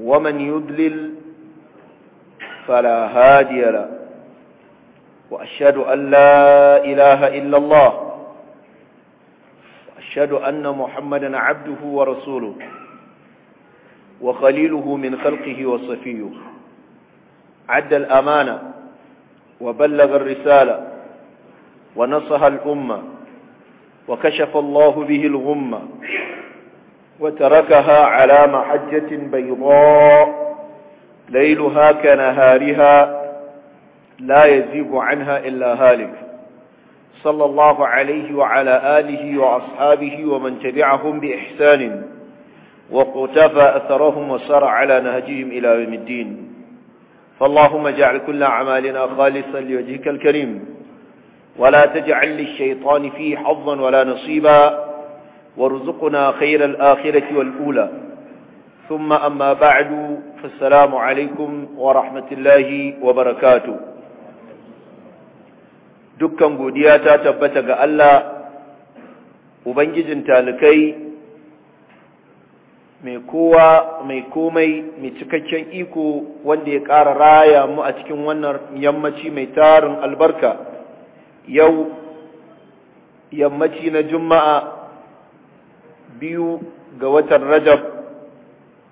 ومن يدلل فلا هادي له وأشهد أن لا إله إلا الله وأشهد أن محمدا عبده ورسوله وخليله من خلقه وصفيه عد الأمانة وبلغ الرسالة ونصح الأمة وكشف الله به الغمة وتركها على محجة بيضاء ليلها كنهارها لا يزيغ عنها إلا هالك صلى الله عليه وعلى آله وأصحابه ومن تبعهم بإحسان وقتفى أثرهم وسار على نهجهم إلى يوم الدين فاللهم اجعل كل أعمالنا خالصا لوجهك الكريم ولا تجعل للشيطان فيه حظا ولا نصيبا وارزقنا خير الآخرة والأولى ثم أما بعد فالسلام عليكم ورحمة الله وبركاته ta tabbata ga allah ubangijin talikai mai kowa mai komai mai cikakken iko wanda ya ƙara raya mu a cikin wannan yammaci mai tarin albarka yau yammaci na juma'a biyu ga watan Rajab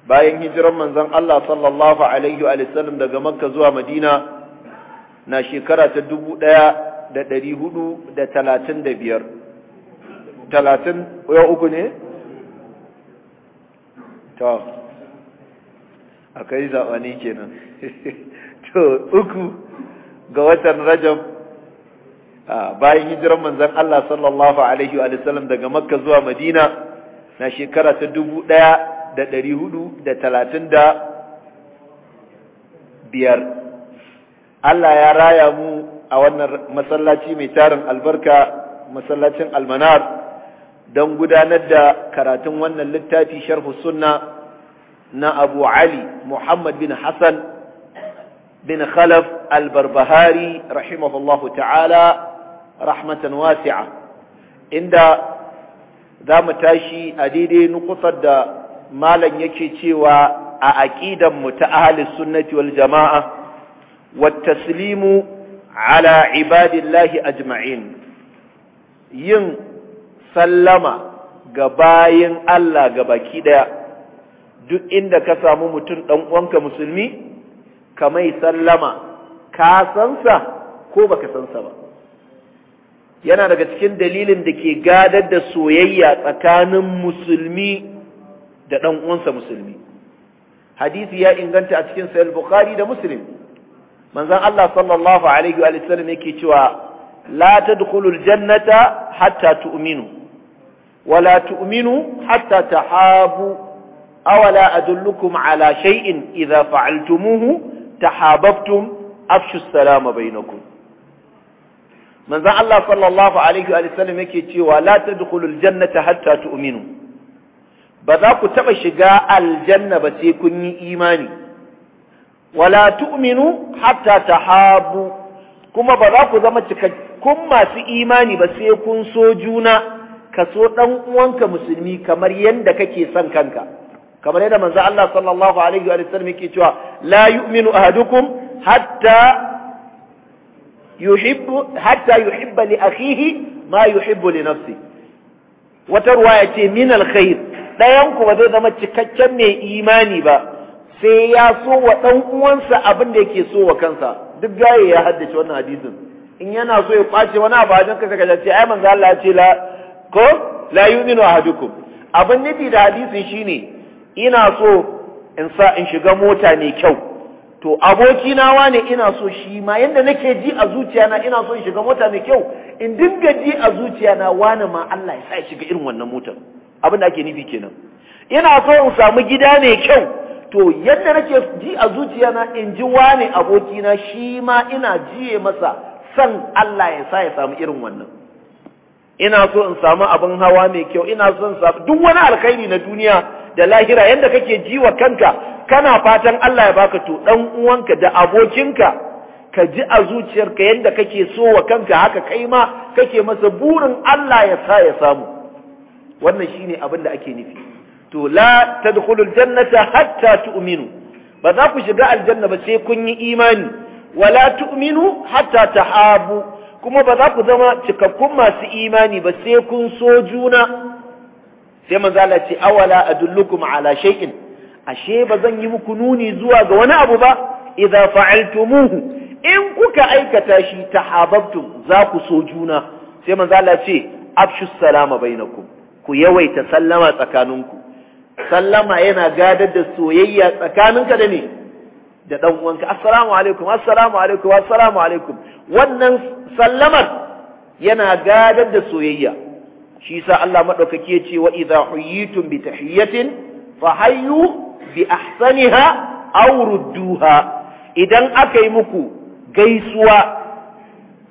bayan hijiran manzon Allah sallallahu alaihi wa sallam daga Makka zuwa Madina na shekara ta 1435 talatin ya uku ne? to akai zaɓani kenan to uku ga watan Rajab bayan hijiran manzon Allah sallallahu alaihi wa sallam daga Makka zuwa Madina na shekara ta dubu ɗaya da ɗari hudu da talatin da biyar Allah ya raya mu a wannan masallaci mai tarin albarka masallacin almanar don gudanar da karatun wannan littafi sharhu sunna na abu ali muhammad bin hassan bin khalaf albarbahari rahimahullahu ta'ala rahmatan wasi'a inda za mu tashi a daidai nukusar da malam yake cewa a aƙidan mu ta ahalis sunnati wal jama'a wa taslimu ala ibadillahi ajma'in yin sallama ga bayan Allah ga baki ɗaya, duk inda ka samu mutum dan uwanka musulmi ka mai sallama ka sansa ko baka sansa ba yana daga cikin dalilin da ke gadar da soyayya tsakanin musulmi da ɗan uwansa musulmi hadisi ya inganta a cikin sahih bukhari da muslim manzon Allah sallallahu alaihi wa sallam yake cewa la tadkhulu aljannata hatta tu'minu wa la tu'minu hatta tahabu aw la adullukum ala shay'in idha fa'altumuhu tahabbtum afshu as salama bainakum manzan Allah sallallahu alaihi wa sallam yake cewa la tadkhulul jannata hatta tu'minu ba za ku taba shiga aljanna ba sai kun yi imani wala tu'minu hatta tahabu kuma ba za ku zama cikakkun masu imani ba sai kun so juna ka so dan uwanka musulmi kamar yanda kake son kanka kamar yadda manzon Allah sallallahu alaihi wa sallam yake cewa la yu'minu ahadukum hatta yuhibbu hatta yuhibba li akhihi ma yuhibbu li nafsi wata ruwaya ce min alkhair dayan ku ba zai zama cikakken mai imani ba sai ya so wa dan uwansa abin da yake so wa kansa duk gaye ya haddace wannan hadisin in yana so ya kwace wani abu hajin ka kaga ce ai manzo Allah ya ko la yu'minu ahadukum abin nufi da hadisin shine ina so in sa in shiga mota mai kyau to aboki na wane ina so shi ma Yanda nake ji a zuciya na ina so shiga mota mai kyau in dinga ji a zuciya na wane ma Allah ya sa shiga irin wannan motar abin da ake nufi kenan ina so in samu gida mai kyau to yadda nake ji a zuciya na in ji wane na shi ma ina jiye masa san Allah ya sa ya samu irin wannan ina so in samu abin hawa mai kyau ina so in samu duk wani alkhairi na duniya da lahira yadda kake ji wa kanka kana fatan Allah ya baka to dan uwanka da abokinka ka ji a zuciyarka yadda kake so wa kanka haka kai ma kake masa burin Allah ya sa ya samu wannan shine abin da ake nufi to la tadkhulul jannata hatta tu'minu ba za ku shiga aljanna ba sai kun yi imani wala tu'minu hatta tahabu kuma ba za ku zama cikakkun masu imani ba sai kun so juna sai manzo Allah ce awala adullukum ala shay'in ashe ba zan yi muku nuni zuwa ga wani abu ba idza fa'altumuhu in kuka aikata shi tahabbtum za ku so juna sai manzo Allah ce afshu salama bainakum ku yawaita sallama tsakaninku sallama yana gadar da soyayya tsakaninka da ni. da dan uwanka assalamu alaikum assalamu alaikum assalamu alaikum wannan sallamar yana gadar da soyayya shi yasa Allah madaukaki ya ce wa idza huyitum bi tahiyatin fa hayyu bi ahsaniha aw rudduha idan aka yi muku gaisuwa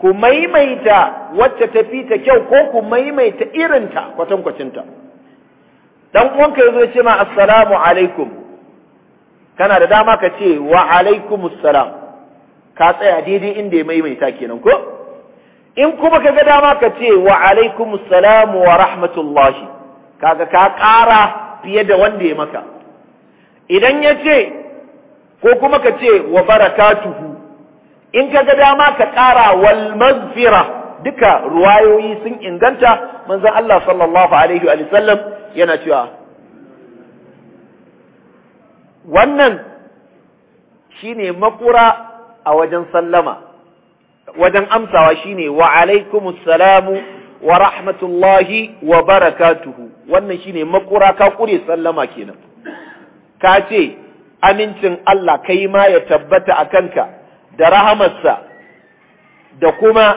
ku maimaita wacce ta fi ta kyau ko ku maimaita irinta kwatankwacinta dan uwanka yazo ya ce ma assalamu alaikum kana da dama ka ce wa alaikumus salam ka tsaya daidai inda ya maimaita kenan ko in kuma ka ga dama ka ce wa alaikum salam wa rahmatullahi kaga ka ƙara fiye da wanda ya maka idan ya ce ko kuma ka ce wa barakatuhu in ka ga dama ka ƙara wal magfira duka ruwayoyi sun inganta manzon Allah sallallahu alaihi wa sallam yana cewa wannan shine makura a wajen sallama wajen amsawa shine wa alaikumus salamu wa rahmatullahi wa barakatuhu wannan shine makura ka kure sallama kenan ka ce amincin Allah kai ma ya tabbata a kanka da rahamarsa da kuma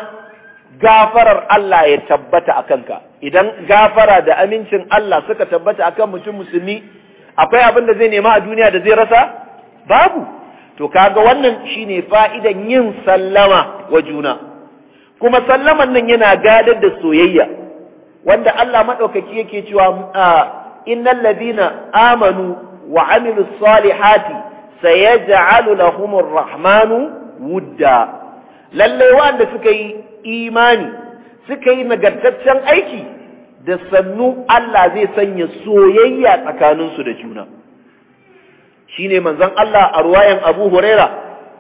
gafarar Allah ya tabbata a kanka idan gafara da amincin Allah suka tabbata a kan mutum musulmi akwai abin da zai nema a duniya da zai rasa babu to kaga wannan shine fa'idan yin sallama wa juna kuma sallaman nan yana gadar da soyayya wanda Allah madaukaki yake cewa innal ladina amanu wa amilus salihati sayaj'alu lahumur rahmanu wudda lalle wanda suka yi imani suka yi nagartaccen aiki da sannu Allah zai sanya soyayya tsakaninsu da juna shine manzon Allah a ruwayan Abu Huraira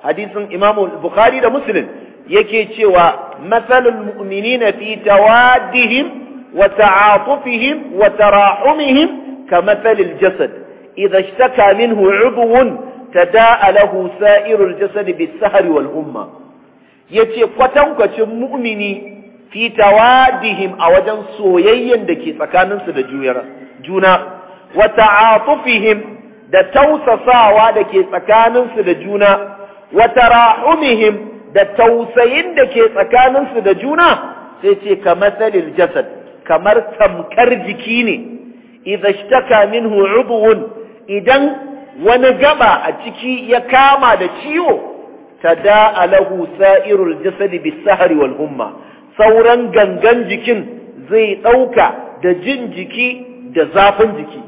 hadisin Imam Bukhari da Muslim yake cewa masalul mu'minina fi tawaddihim wa ta'atufihim wa tarahumihim kamathalil jasad idha ishtaka minhu 'udwun tada'a lahu sa'irul jasad bis-sahri wal umma yace kwatankwacin mu'mini fi tawaddihim a wajen soyayyen da ke tsakaninsu da juna wa ta'atufihim da tausasawa da ke tsakaninsu da juna wata tarahumihim da tausayin da ke tsakaninsu da juna sai ce ka matsalil jasad kamar tamkar jiki ne shi ishtaka minhu udwun idan wani gaba a ciki ya kama da ciwo ta lahu sa'irul jasad bis sahri wal humma sauran gangan jikin zai ɗauka da jin jiki da zafin jiki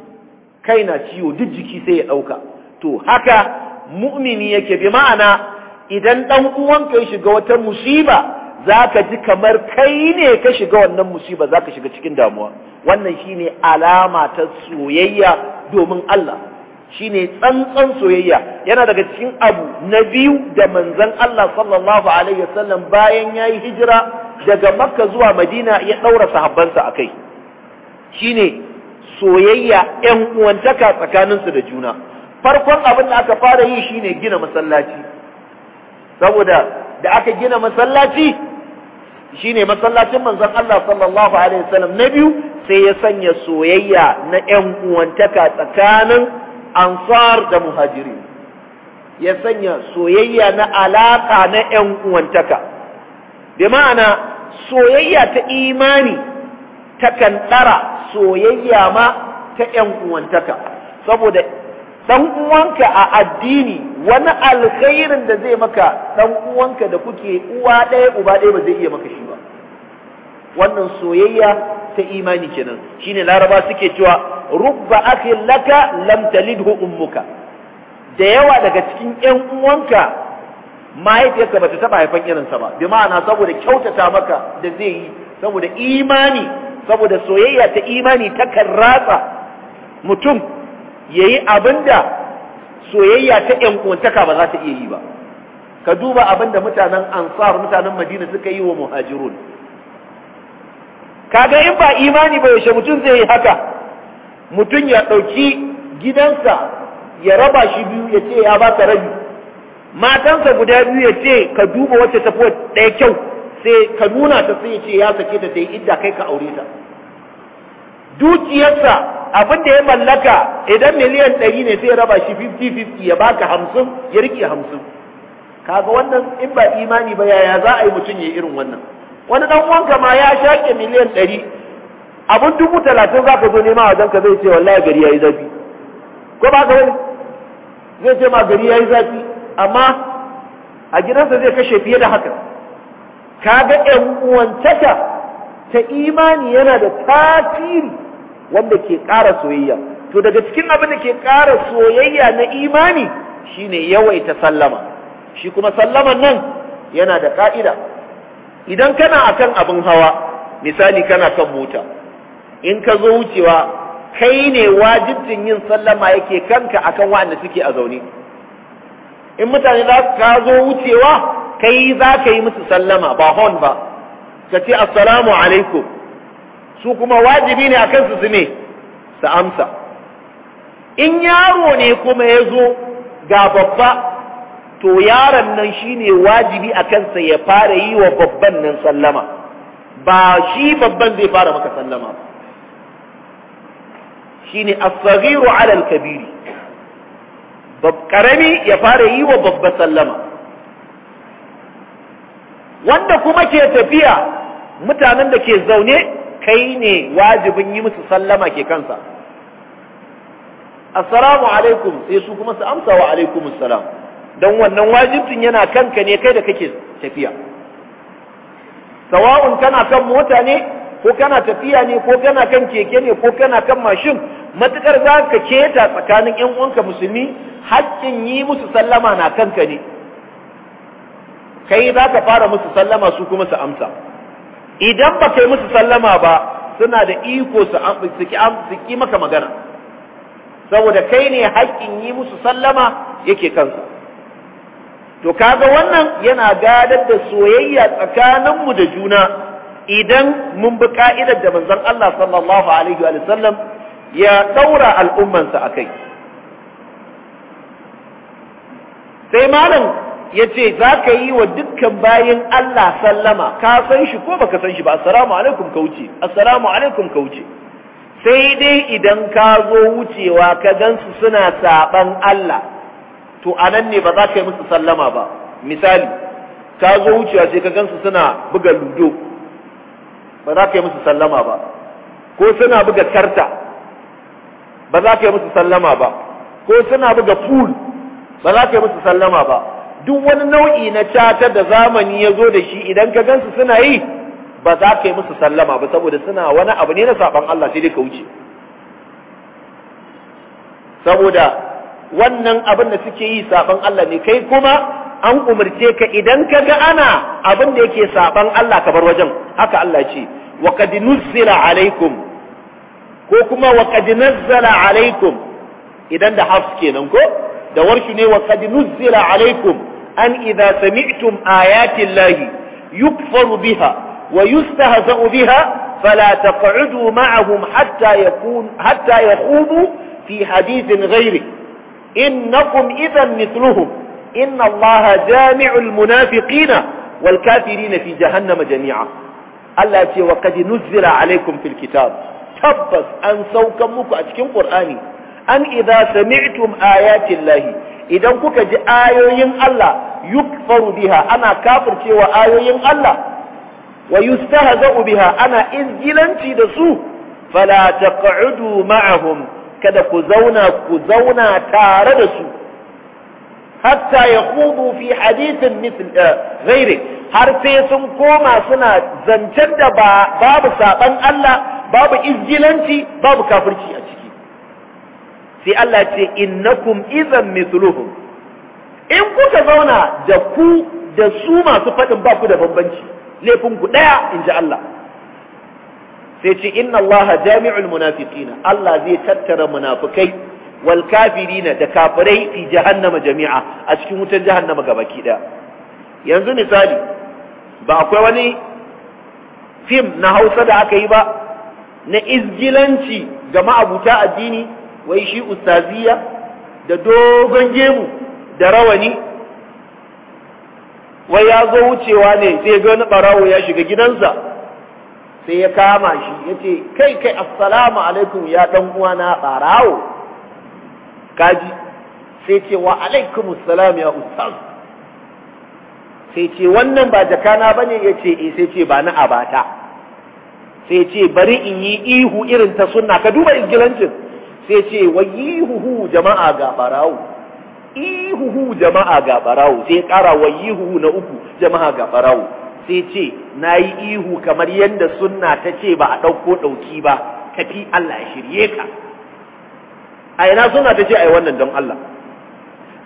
kai na ciwo duk jiki sai ya ɗauka to haka mu'mini yake bi ma'ana idan ɗan uwanka ya shiga wata musiba za ka ji kamar kai ne ka shiga wannan musiba za ka shiga cikin damuwa wannan shine alama ta soyayya domin Allah shine tsantsan soyayya yana daga cikin abu na biyu da manzon Allah sallallahu alaihi wasallam bayan yayi hijira daga Makka zuwa Madina ya ɗaura sahabbansa Shi shine soyayya ‘yan uwantaka tsakaninsu da juna farkon abin da aka fara yi shine gina masallaci saboda da aka gina masallaci shine masallacin manzon Allah sallallahu alaihi wasallam na biyu sai ya sanya soyayya na ‘yan uwantaka tsakanin ansar da muhajiri ya sanya soyayya na alaƙa na ‘yan uwantaka bi ma'ana soyayya ta imani takan ɗara soyayya ma ta ‘yan uwantaka saboda ɗan uwanka a addini wani alkhairin da zai maka ɗan uwanka da kuke uwa ɗaya uba ɗaya ba zai iya maka shi ba wannan soyayya ta imani kenan shine laraba suke cewa rubba akhin laka lam talidhu ummuka da yawa daga cikin ƴan uwanka mahaifiyarka bata taba haifan irinsa ba bi ma'ana saboda kyautata maka da zai yi saboda imani saboda soyayya ta imani takan ratsa mutum ya yi abin soyayya ta ‘yan'uwantaka ba za ta iya yi ba ka duba abin mutanen ansar mutanen madina suka yi wa muhajirun kaga in ba imani ba yaushe mutum zai yi haka mutum ya ɗauki gidansa ya raba shi biyu ya ce ya ba ta rabi matansa guda biyu ya ce ka duba wacce tafi ɗaya kyau sai ka nuna ta sai ce ya sake ta ta yi idda kai ka aure ta dukiyarsa abin da ya mallaka idan miliyan ɗari ne sai raba shi 50-50 ya baka hamsin ya rike hamsin kaga wannan in ba imani ba yaya za a yi mutum ya irin wannan wani dan wanka ma ya shaƙe miliyan ɗari abin dubu talatin za ka zo nema a wajen ka zai ce wallahi gari ya yi zafi ko ba ka wani zai ce ma gari ya yi zafi amma a gidansa zai kashe fiye da haka kaga ƴan uwantaka ta imani yana da tasiri wanda ke ƙara soyayya to daga cikin abin da ke ƙara soyayya na imani shine yawaita sallama shi kuma sallaman nan yana da ƙa'ida. idan kana akan abin hawa misali kana kan mota in ka zo wucewa kai ne wajibcin yin sallama yake kanka akan waɗanda suke a zaune in mutane za ka zo wucewa kai za ka yi musu sallama ba hon ba ka ce assalamu alaikum su kuma wajibi ne a kansu su ne su amsa in yaro ne kuma ya zo ga babba to yaron nan shi ne wajibi a kansa ya fara yi wa babban nan sallama ba shi babban zai fara maka sallama ba shine as-saghiru alal al-kabiri bab karami ya fara yi wa babba sallama wanda kuma ke tafiya mutanen da ke zaune kai ne wajibin yi musu sallama ke kansa assalamu alaikum sai su kuma su amsa wa alaikum assalam don wannan wajibcin yana kanka ne kai da kake tafiya sawa'un kana kan mota ne ko kana tafiya ne ko kana kan keke ne ko kana kan mashin matukar za ka keta tsakanin yan uwanka musulmi haƙƙin yi musu sallama na kanka ne kai za ka fara musu sallama su kuma su amsa idan ba kai musu sallama ba suna da iko su ki maka magana saboda kai ne haƙƙin yi musu sallama yake kansa to kaga wannan yana gadar da soyayya tsakaninmu da juna idan mun bi ka'idar da manzon Allah sallallahu alaihi wa sallam ya daura al'ummansa akai sai malam ya ce za ka yi wa dukkan bayin Allah sallama ka san shi ko baka san shi ba assalamu alaikum ka wuce assalamu alaikum ka wuce sai dai idan ka zo wucewa ka gansu suna saban Allah to anan ne ba za ka yi musu sallama ba misali ka zo wucewa sai ka gansu suna buga ludo ba za ka yi musu sallama ba ko suna buga karta ba za ka yi musu sallama ba ko suna buga pool ba za ka yi musu sallama ba duk wani nau'i na cata da zamani ya zo da shi idan ka gansu suna yi ba za ka yi musu sallama ba saboda suna wani abu ne na saban Allah sai dai ka wuce saboda wannan abin da suke yi saban Allah ne kai kuma an umarce ka idan ka ga ana abin da yake saban Allah ka bar wajen haka Allah ce wa qad nuzila alaikum ko kuma wa qad nazzala alaikum idan da hafs kenan ko da warshi ne wa kad nuzila alaikum an idha sami'tum ayati llahi yukfaru biha wa yustahza'u biha fala taq'udu ma'ahum hatta yakun hatta yakhudu fi hadithin ghayri innakum idhan mithluhum inna allaha jami'ul munafiqina wal والكافرين fi جهنم jami'a Allah ce wa kad nuzila alaikum fil kitab tabbas an saukan muku a cikin qur'ani an idza sami'tum ayatin lahi idan kuka ji ayoyin Allah yukfaru biha ana kafircewa ayoyin Allah wa yustahza'u biha ana izgilanci da su fala taq'udu ma'ahum kada ku zauna ku zauna tare da su hatta yaqudu fi hadithin mithl eh, har sai sun koma suna zancen da babu saban Allah babu izgilanci babu kafirci a ciki sai Allah ce innakum idan mithluhum in kuka zauna da ku da su masu faɗin ba ku da bambanci laifin ku ɗaya Inji Allah sai ce inna Allah jami'ul munafiqina Allah zai tattara munafikai wal kafirina da kafirai fi jahannama jami'a a cikin wutar jahannama gabaki ɗaya yanzu misali ba akwai wani fim na Hausa da aka yi ba na izgilanci ga ma'abuta addini wai shi ustaziya da dogon gemu da rawani wai ya zo wucewa ne sai ga wani barawo ya shiga gidansa sai ya kama shi ya ce kai kai assalamu alaikum ya dan na barawo kaji sai ce wa alaikum assalam ya ustaz sai ce wannan ba jakana bane ya ce eh sai ce ba na abata sai ce bari in yi ihu irin ta sunna ka duba ingilancin sai ce wayihuhu jama'a ga barawo ihuhu jama'a ga barawo sai kara yihuhu na uku jama'a ga barawo sai ce nayi ihu kamar yadda sunna ta ce ba a ɗauko ɗauki ba tafi Allah ya shirye ka a ina sunna ta ce ai wannan don Allah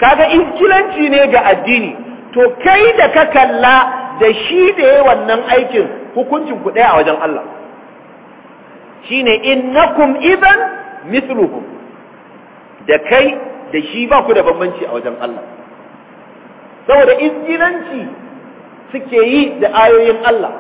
kaga inkilanci ne ga addini to kai da ka kalla da shi da yayi wannan aikin hukuncin ku a wajen Allah shine innakum idan mithluhum da kai da shi ba ku da bambanci a wajen Allah saboda izgilanci suke yi da ayoyin Allah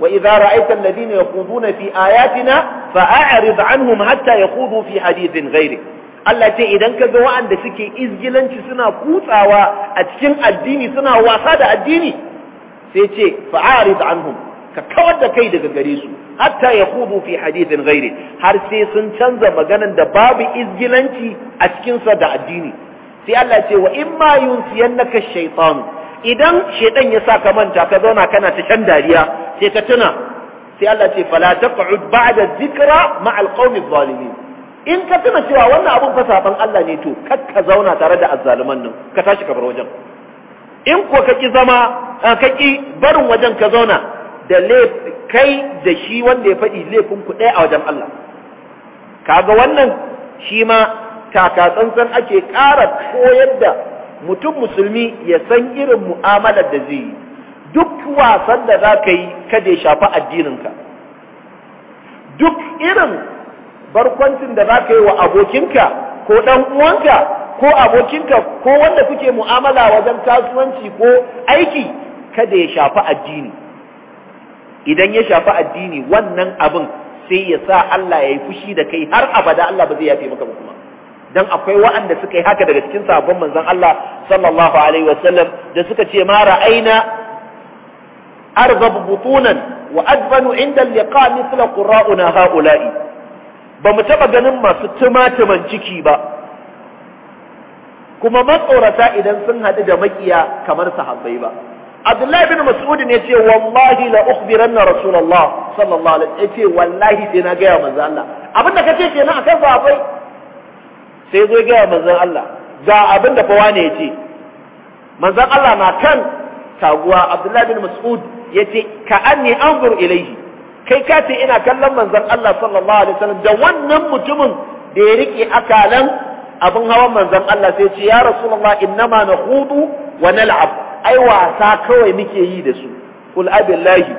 wa idza ra'aita alladhina yaquduna fi ayatina fa'rid anhum hatta yaqudu fi hadithin ghairi Allah ce idan ka ga wa'anda suke izgilanci suna kutsawa a cikin addini suna wasa da addini sai ce fa'rid anhum ka kawar da kai daga gare su hatta ya hudu fi hadithin gairi har sai sun canza maganan da babu izgilanci a cikinsa da addini sai Allah ce wa in ma yunsiyannaka shaytan idan shaytan ya saka manta ka zauna kana ta shan dariya sai ka tuna sai Allah ce fala taq'ud ba'da dhikra ma'a alqawmi adh-dhalimin in ka tuna cewa wannan abun fa saban Allah ne to ka zauna tare da azzaluman nan ka tashi ka bar wajen in ko ka ki zama ka ki barin wajen ka zauna da kai da shi wanda ya faɗi laifin ku ɗaya a wajen Allah kaga wannan shi ma takatsantsan ake ƙara koyar da mutum musulmi ya san irin mu'amalar da zai yi duk wasan da za ka yi kada ya shafi addininka duk irin barkwancin da za ka yi wa abokinka ko ɗan uwanka ko abokinka ko wanda kuke mu'amala wajen kasuwanci ko aiki kada ya shafi addini idan ya shafi addini wannan abin sai ya sa Allah ya yi fushi da kai har abada Allah ba zai yafe maka ba kuma dan akwai waɗanda suka yi haka daga cikin sabon manzon Allah sallallahu alaihi wasallam da suka ce ma ra'aina arghab butunan wa adbanu inda liqa mithla qurra'una haula'i ba mu taba ganin masu tumatuman ciki ba kuma matsorata idan sun haɗu da makiya kamar sahabbai ba Abdullahi bin Mas'ud ne ce wallahi la ukhbiranna Rasulullah sallallahu alaihi wasallam ce wallahi sai na gaya manzo Allah abinda kace kenan akan sahabbai sai zo gaya manzo Allah ga abinda fa wane yace manzo Allah na kan taguwa Abdullahi bin Mas'ud yace ka anni anzur ilayhi kai kace ina kallon manzon Allah sallallahu alaihi wasallam da wannan mutumin da ya rike akalan abin hawan manzon Allah sai ce ya rasulullah innama nakhudu wa nal'ab ai wasa kawai muke yi da su qul abillahi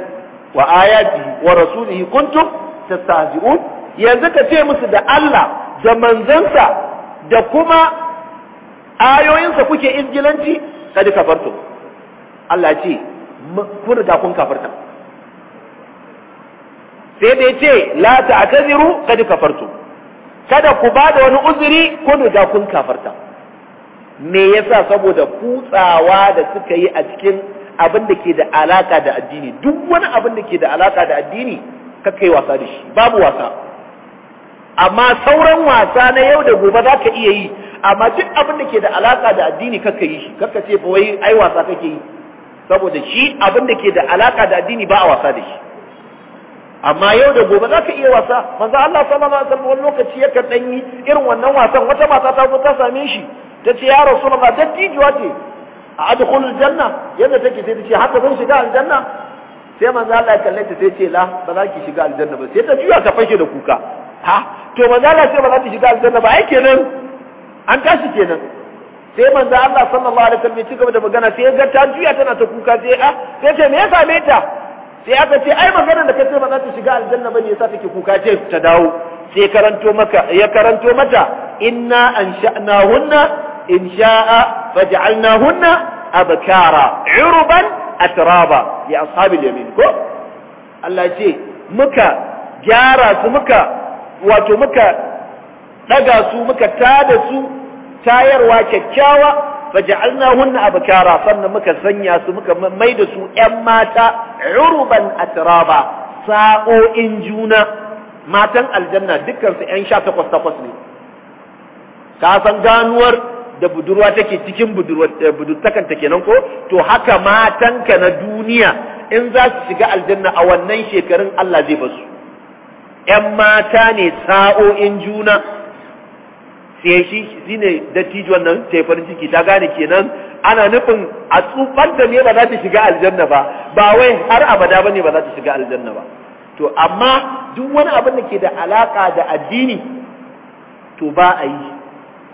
wa ayati wa rasulihi kuntum tastahzi'un yanzu ka ce musu da Allah da manzansa da kuma ayoyinsa kuke injilanci kada kafarto. Allah ce kun riga kun kafarta sai dai ce la ta'taziru kad kafarto. kada ku ba da wani uzuri ko riga kun kafarta me yasa saboda kutsawa da suka yi a cikin abin da ke da alaka da addini duk wani abin da ke da alaka da addini kaka yi wasa da shi babu wasa amma sauran wasa na yau da gobe za ka iya yi amma duk abin da ke da alaka da addini kaka yi shi kaka ce fa wai ai wasa kake yi saboda shi abin da ke da alaka da addini ba a wasa da shi amma yau da gobe za ka iya wasa manzo Allah sallallahu alaihi wasallam wani lokaci yakan dan yi irin wannan wasan wata mata ta zo ta same shi ta ce ya rasulullah dattijuwa ce a adkhul janna yadda take sai ta ce haka zan shiga aljanna sai manzo Allah ya kalle ta sai ce la ba za ki shiga aljanna ba sai ta juya ta fashe da kuka ha to manzo Allah sai ba za ki shiga aljanna ba ai kenan an tashi kenan sai manzo Allah sallallahu alaihi wasallam ya ci gaba da magana sai ya ga ta juya tana ta kuka sai a ah. sai ce me ya same ta sai aka ce ai maganar da kace ba za ta shiga aljanna bane yasa take kuka ce ta dawo sai karanto maka ya karanto mata inna ansha'nahunna insha'a faj'alnahunna abkara urban atraba li ashabil yamin ko Allah ce muka gyara su muka wato muka daga su muka tada su tayarwa kyakkyawa faj'alnahunna abkara sannan muka sanya su muka mai da su ƴan mata uruban atraba sa'o'in juna matan aljanna dukkan su ƴan 18 takwas ne ka san ganuwar da budurwa take cikin budurwa eh, budurtakan ta kenan ko to haka matanka na duniya in za su shiga aljanna a wannan shekarun Allah zai basu ƴan mata ne sa'o'in juna sai shi shine dattijo wannan sai farin ciki ta gane kenan ana nufin a tsufar da ne ba za ta shiga aljanna ba ba wai har abada ba ne ba za ta shiga aljanna ba to amma duk wani abin da ke da alaka da addini to ba a yi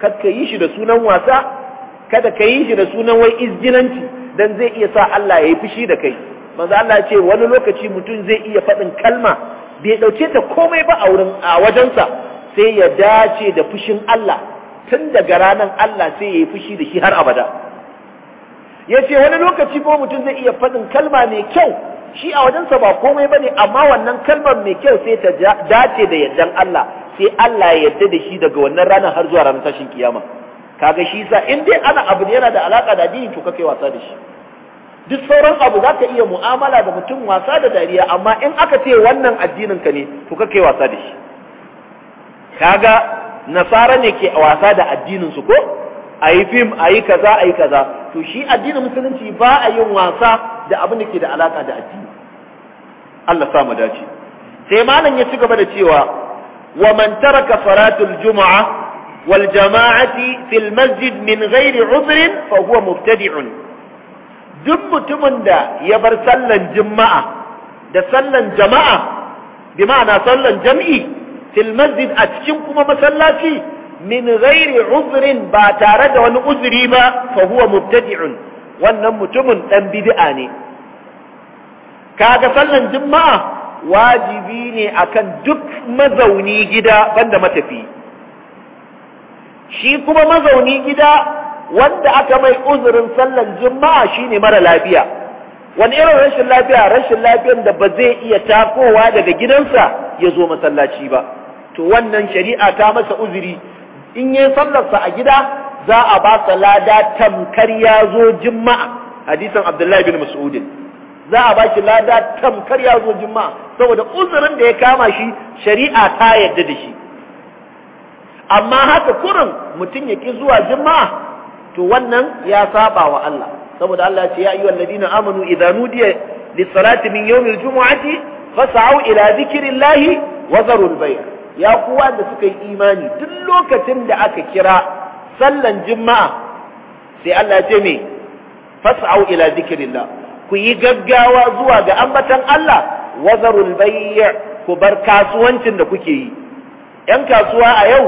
kada ka yi shi da sunan wasa kada ka yi shi da sunan wai izginanci dan zai iya sa Allah ya yi fushi da kai manzo Allah ce wani lokaci mutum zai iya faɗin kalma bai ɗauke ta komai ba a wurin a wajensa sai ya dace da fushin Allah tun daga ranar Allah sai ya yi fushi da shi har abada ya ce wani lokaci ko mutum zai iya faɗin kalma mai kyau shi a wajensa ba komai ba ne amma wannan kalmar mai kyau sai ta dace da yardan Allah sai Allah ya yarda da shi daga wannan ranar har zuwa ranar tashin kiyama kaga shi sa in dai ana abu yana da alaka da addini to ka kai wasa da shi duk sauran abu za ka iya mu'amala da mutum wasa da dariya amma in aka ce wannan addinin ka ne to ka kai wasa da shi kaga nasara ne ke wasa da addinin su ko ayi fim ayi kaza ayi kaza to shi addinin musulunci ba a yin wasa da abin da ke da alaka da addini Allah sa mu dace sai malam ya ci gaba da cewa wa man taraka salatul jumu'a wal jama'ati fil masjid min ghairi udhrin fa huwa mubtadi'un duk mutumin da ya bar sallan jima'a da sallan jama'a bi ma'ana sallan jam'i fil masjid a cikin kuma masallaci min ghairi uzrin ba tare da wani uzuri ba fa huwa mubtadi'un wannan mutumin dan bid'a ne kaga sallan juma'a wajibi ne akan duk mazauni gida banda matafi shi kuma mazauni gida wanda aka mai uzurin sallan juma'a shine mara lafiya wani irin rashin lafiya rashin lafiyan da ba zai iya takowa daga gidansa ya zo masallaci ba to wannan shari'a ta masa uzuri in ya sallarsa a gida za a ba sa lada tamkar ya zo juma'a abdullahi bin Mas'udin, za a ba shi lada tamkar ya zo juma'a saboda uzurin da ya kama shi shari'a ta yadda da shi amma haka kurin mutum ya ki zuwa juma'a to wannan ya saba wa Allah saboda Allah ya ce ya ayyuhal ladina amanu idza nudiya lis-salati min yawmil jumu'ati fas'au ila zikirillahi wa dharul ya kuwa da suka yi imani duk lokacin da aka kira sallan juma'a sai Allah ce me fas'au ila zikrillah ku yi gaggawa zuwa ga ambatan Allah wazarul bayyi' ku bar kasuwancin da kuke yi yan kasuwa a yau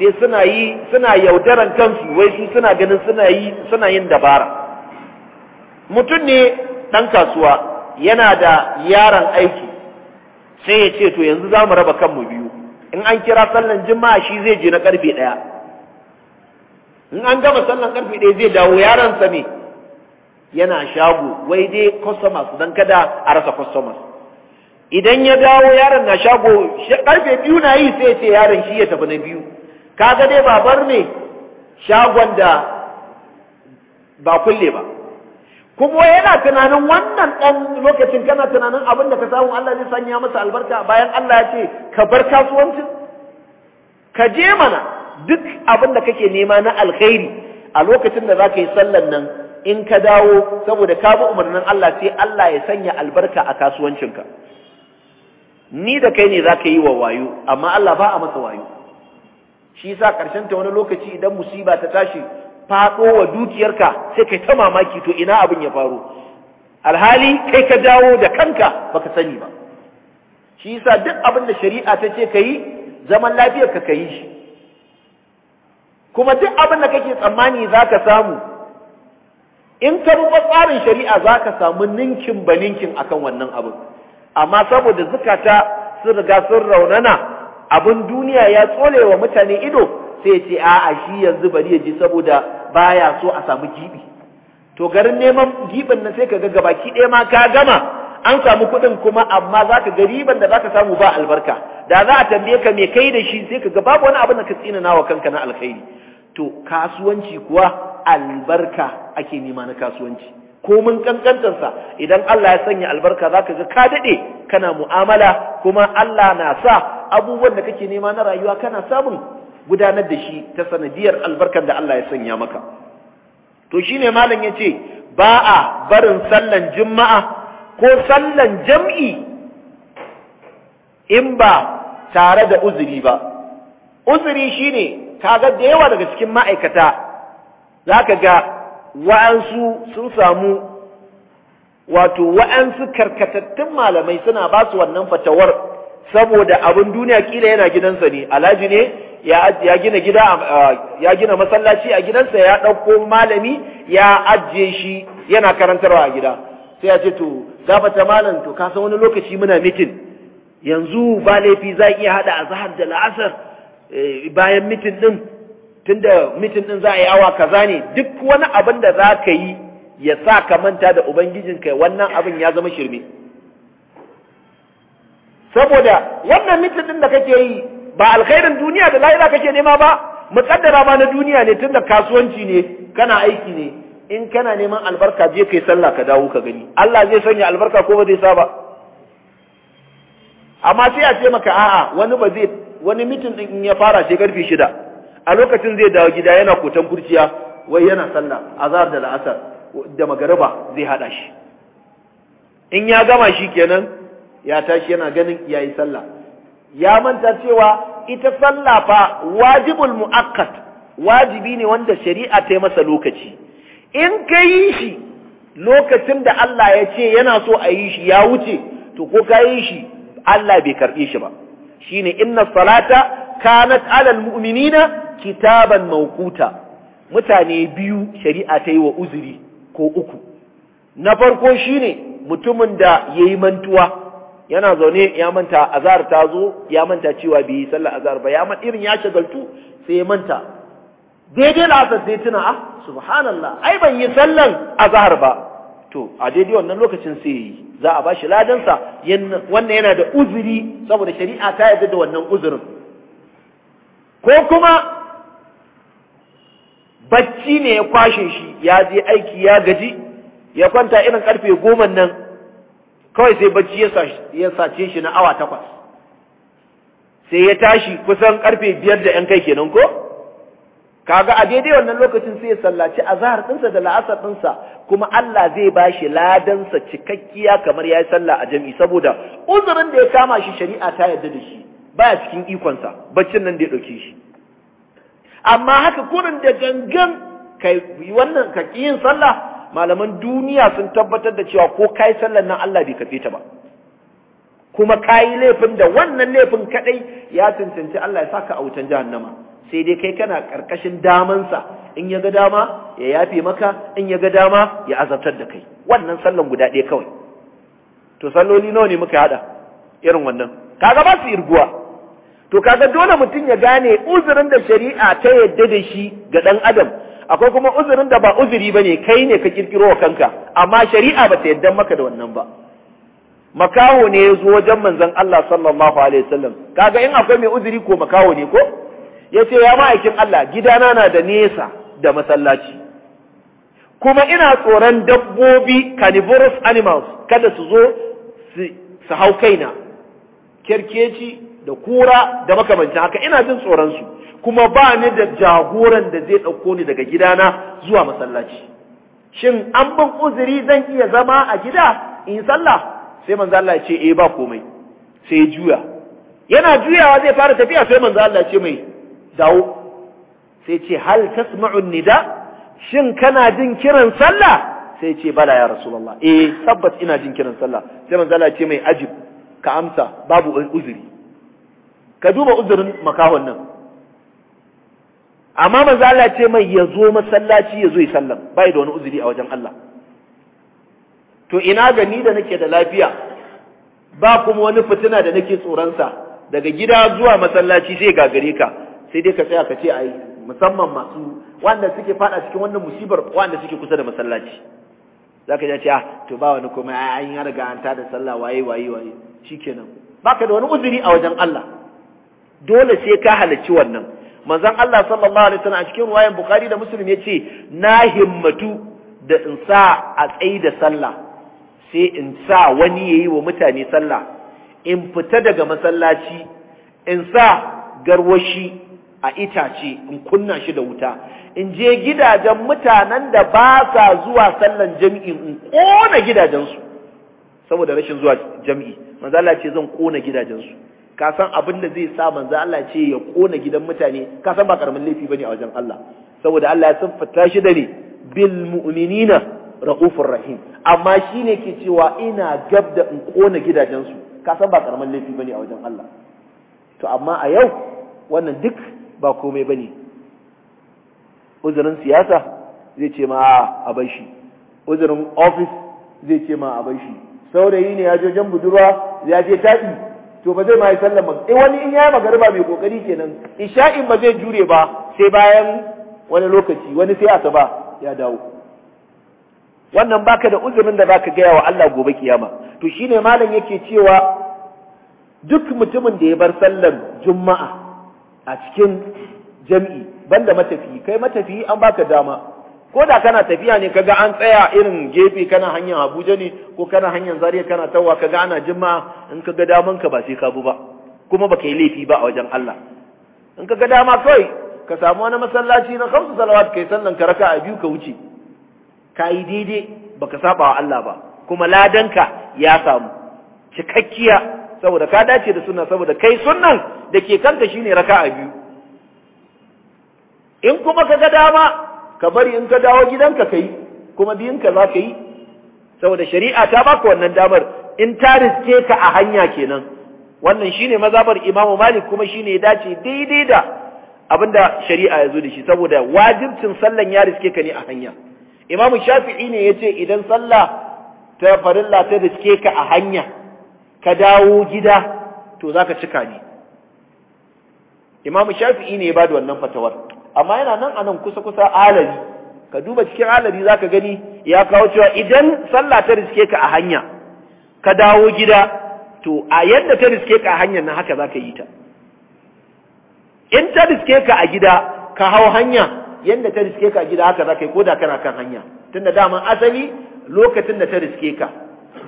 sai suna yi suna yaudaran kansu wai su suna ganin suna yi suna yin dabara mutum ne ɗan kasuwa yana da yaran aiki sai ya ce to yanzu za mu raba kanmu biyu in an kira sallan juma'a shi zai je na karfe daya. in an gama sallan karfe daya zai dawo sa ne yana shago wai dai customers dan kada a rasa customers idan ya dawo yaron na shago karfe biyu na yi sai ce yaron shi ya tafi na biyu kaga dai babar ne shagon da ba kulle ba kuma yana tunanin wannan ɗan lokacin kana tunanin abin da ka samu Allah zai sanya masa albarka bayan Allah ya ce ka bar kasuwancin ka je mana duk abin da kake nema na alkhairi a lokacin da za ka yi sallan nan in ka dawo saboda ka bi umarnin Allah sai Allah ya sanya albarka a kasuwancinka ni da kai ne za ka yi wa wayo amma Allah ba a masa wayo shi yasa karshen ta wani lokaci idan musiba ta tashi faɗo wa dukiyarka sai kai ta mamaki to ina abin ya faru alhali kai ka dawo da kanka baka sani ba shi yasa duk abin da shari'a ta ce kai zaman lafiyar ka kai shi kuma duk abin da kake tsammani zaka samu in ka bi tsarin shari'a zaka samu ninkin ba ninkin akan wannan abin amma saboda zukata sun riga sun raunana abin duniya ya tsole mutane ido sai ya ce a'a shi yanzu bari ya ji saboda baya so a samu gibi to garin neman gibin nan sai ka ga gabaki ɗaya ma ka gama an samu kuɗin kuma amma za ka ga riban da za ka samu ba albarka da za a tambaye ka me kai da shi sai ka ga babu wani abin da ka tsina nawa kanka na alkhairi to kasuwanci kuwa albarka ake nema na kasuwanci ko mun kankantarsa idan Allah ya sanya albarka za ka ga ka daɗe kana mu'amala kuma Allah na sa abubuwan da kake nema na rayuwa kana samun gudanar da shi ta sanadiyar albarkar da Allah ya sanya maka to shine malam yace ba a barin sallan juma'a ko sallan jam'i in ba tare da uzuri ba uzuri shine kaga da yawa daga cikin ma'aikata zaka ga wa'ansu sun samu wato wa'ansu karkatattun malamai suna ba su wannan fatawar saboda abin duniya kila yana gidansa ne alhaji ne ya gina gida ya gina masallaci a gidansa ya ɗauko malami ya ajiye shi yana karantarwa a gida sai ya ce to gafata malam to ka san wani lokaci muna mitin yanzu ba laifi za iya hada azhar da la'asar eh, bayan mitin din tunda mitin din za a yi awa kaza ne duk wani abin da za ka yi ya sa ka manta da ubangijinka wannan abin ya zama shirme saboda wannan mitin din da kake yi ba alkhairin duniya da lahira kake nema ba mukaddara ba na duniya ne tunda kasuwanci ne kana aiki ne in kana neman albarka je kai sallah ka dawo ka gani Allah zai sanya albarka ko ba zai sa ba amma sai a ce maka a'a wani ba zai wani mitin din in ya fara sai karfe shida a lokacin zai dawo gida yana kotan kurciya wai yana sallah azhar da la'asar da magariba zai hada shi in ya gama shi kenan ya tashi yana ganin yayi sallah ya manta cewa ita sallafa fa wajibul mu'akkad wajibi ne wanda shari'a ta yi masa lokaci in ka yi shi lokacin da Allah ya ce yana so a yi shi ya wuce to ko ka yi shi Allah bai karɓe shi ba shine inna salata kanat alal mu'minina kitaban mawquta mutane biyu shari'a ta yi wa uzuri ko uku na farko shine mutumin da yayi mantuwa yana zaune ya manta azar ta zo ya manta cewa bi sallar azar ba ya man irin ya shagaltu sai ya manta daidai la'asar sai tuna ah subhanallah ai ban yi sallan azar ba to a daidai wannan lokacin sai yi za a bashi ladan sa wannan yana da uzuri saboda shari'a ta yarda da wannan uzurin ko kuma bacci ne ya kwashe shi ya je aiki ya gaji ya kwanta irin karfe goma nan kawai sai bacci ya sace shi na awa takwas sai ya tashi kusan karfe biyar da yan kai kenan ko kaga a daidai wannan lokacin sai ya sallaci zahar ɗinsa da la'asar ɗinsa kuma Allah zai ba shi ladansa cikakkiya kamar ya yi sallah a Jami. saboda uzurin da ya kama shi shari'a ta yarda da shi baya cikin ikonsa baccin nan da ya ɗauke shi amma haka kurin da gangan kai wannan ka yin sallah malaman duniya sun tabbatar da cewa ko kai sallar nan Allah bai kafe ta ba kuma kayi laifin da wannan laifin kadai ya tantance Allah ya saka a wutan jahannama sai dai kai kana karkashin damansa in ya ga dama ya yafe maka in ya ga dama ya azabtar da kai wannan sallan guda ɗaya kawai to salloli nawa ne muka hada irin wannan kaga ba su irguwa to kaga dole mutum ya gane uzurin da shari'a ta yadda da shi ga dan adam akwai kuma uzurin da ba uzuri ne kai ne ka kirkiro wa kanka amma shari'a ba ta yaddan maka da wannan ba makawo ne ya zo wajen manzon Allah sallallahu alaihi wasallam kaga in akwai mai uzuri ko makawo ne ko yace ya ma'aikin Allah gidana na da nesa da masallaci kuma ina tsoron dabbobi carnivorous animals kada su zo su hau kaina kerkeci da kura da makamancin haka ina jin tsoron su kuma ba ni da jagoran da zai ɗauko ni daga gidana zuwa masallaci shin an bin uzuri zan iya zama a gida in sallah sai manzo Allah ya ce eh ba komai sai juya yana juyawa zai fara tafiya sai manzo Allah ya ce mai dawo sai ce hal tasma'u nida shin kana jin kiran sallah sai ce bala ya rasulullah eh tabbas ina jin kiran sallah sai manzo Allah ya ce mai ajib ka amsa babu uzuri ka duba uzurin makahon nan amma manzo Allah ce mai ya zo masallaci ya zo sallan sallam bai da wani uzuri a wajen Allah to ina ga ni da nake da lafiya ba kuma wani fitina da nake tsoron sa daga gida zuwa masallaci sai gare ka sai dai ka tsaya ka ce ai musamman masu wanda suke fada cikin wannan musibar wanda suke kusa da masallaci zaka ji ce ah to ba wani kuma ai an riga an tada sallah waye waye waye shikenan baka da wani uzuri a wajen Allah dole sai ka halarci wannan manzon Allah sallallahu alaihi wasallam a cikin ruwayan Bukhari da Muslim yace na himmatu da in sa a tsayi da sallah sai in sa wani yayi wa mutane sallah in fita daga masallaci in sa garwashi a itace in kunna shi da wuta in je gidajen mutanen da ba sa zuwa sallan jami'i in kona gidajensu saboda rashin zuwa jami'i manzon Allah ce zan kona gidajensu ka san abin da zai sa manzo Allah ce ya kona gidan mutane ka san ba karamin laifi bane a wajen Allah saboda Allah ya san siffata shi da ne bil mu'minina raufur rahim amma shine ke cewa ina gab da in kona gidajensu ka san ba karamin laifi bane a wajen Allah to amma a yau wannan duk ba komai bane uzurin siyasa zai ce ma a bai shi uzurin office zai ce ma a bai shi saurayi ne ya je jan budurwa ya je tafi to ba zai ma yi sallar magariba eh wani in yayi magariba mai kokari kenan isha'in ba zai jure ba sai bayan wani lokaci wani sai asuba ya dawo wannan baka da uzurin da ka gaya wa Allah gobe kiyama to shine malam yake cewa duk mutumin da ya bar sallar juma'a a cikin jam'i banda matafi kai matafi an baka dama ko da kana tafiya ne kaga an tsaya irin gefe kana hanyar Abuja ne ko kana hanyar Zaria kana tawa kaga ana jima in kaga daman ka ba sai ka bu ba kuma baka yi laifi ba a wajen Allah in kaga dama kai ka samu wani masallaci na khamsu salawat kai sannan ka raka a biyu ka wuce ka yi daidai baka saba wa Allah ba kuma ladanka ya samu cikakkiya saboda ka dace da sunna saboda kai sunnan da ke kanka shine raka a biyu in kuma kaga dama ka bari in ka dawo gidanka ka yi kuma biyunka za ka yi saboda shari'a ta baka wannan damar in ta riske ka a hanya kenan wannan shine mazabar imamu malik kuma shine ya dace daidai da abinda shari'a ya zo da shi saboda wajibcin sallan ya riske ka ne a hanya imamu shafi'i ne ya ce idan sallah ta farilla ta riske ka a hanya ka dawo gida to za ka cika ne imamu shafi'i ne ya bada wannan fatawar amma yana nan anan kusa kusa alari ka duba cikin alari zaka gani ya kawo cewa idan sallah ta riske ka a hanya ka dawo gida to a yadda ta riske ka a hanyar nan haka zaka yi ta in ta riske ka a gida ka hau hanya yadda ta riske ka a gida haka zaka yi koda kana kan hanya tunda daman asali lokacin da ta riske ka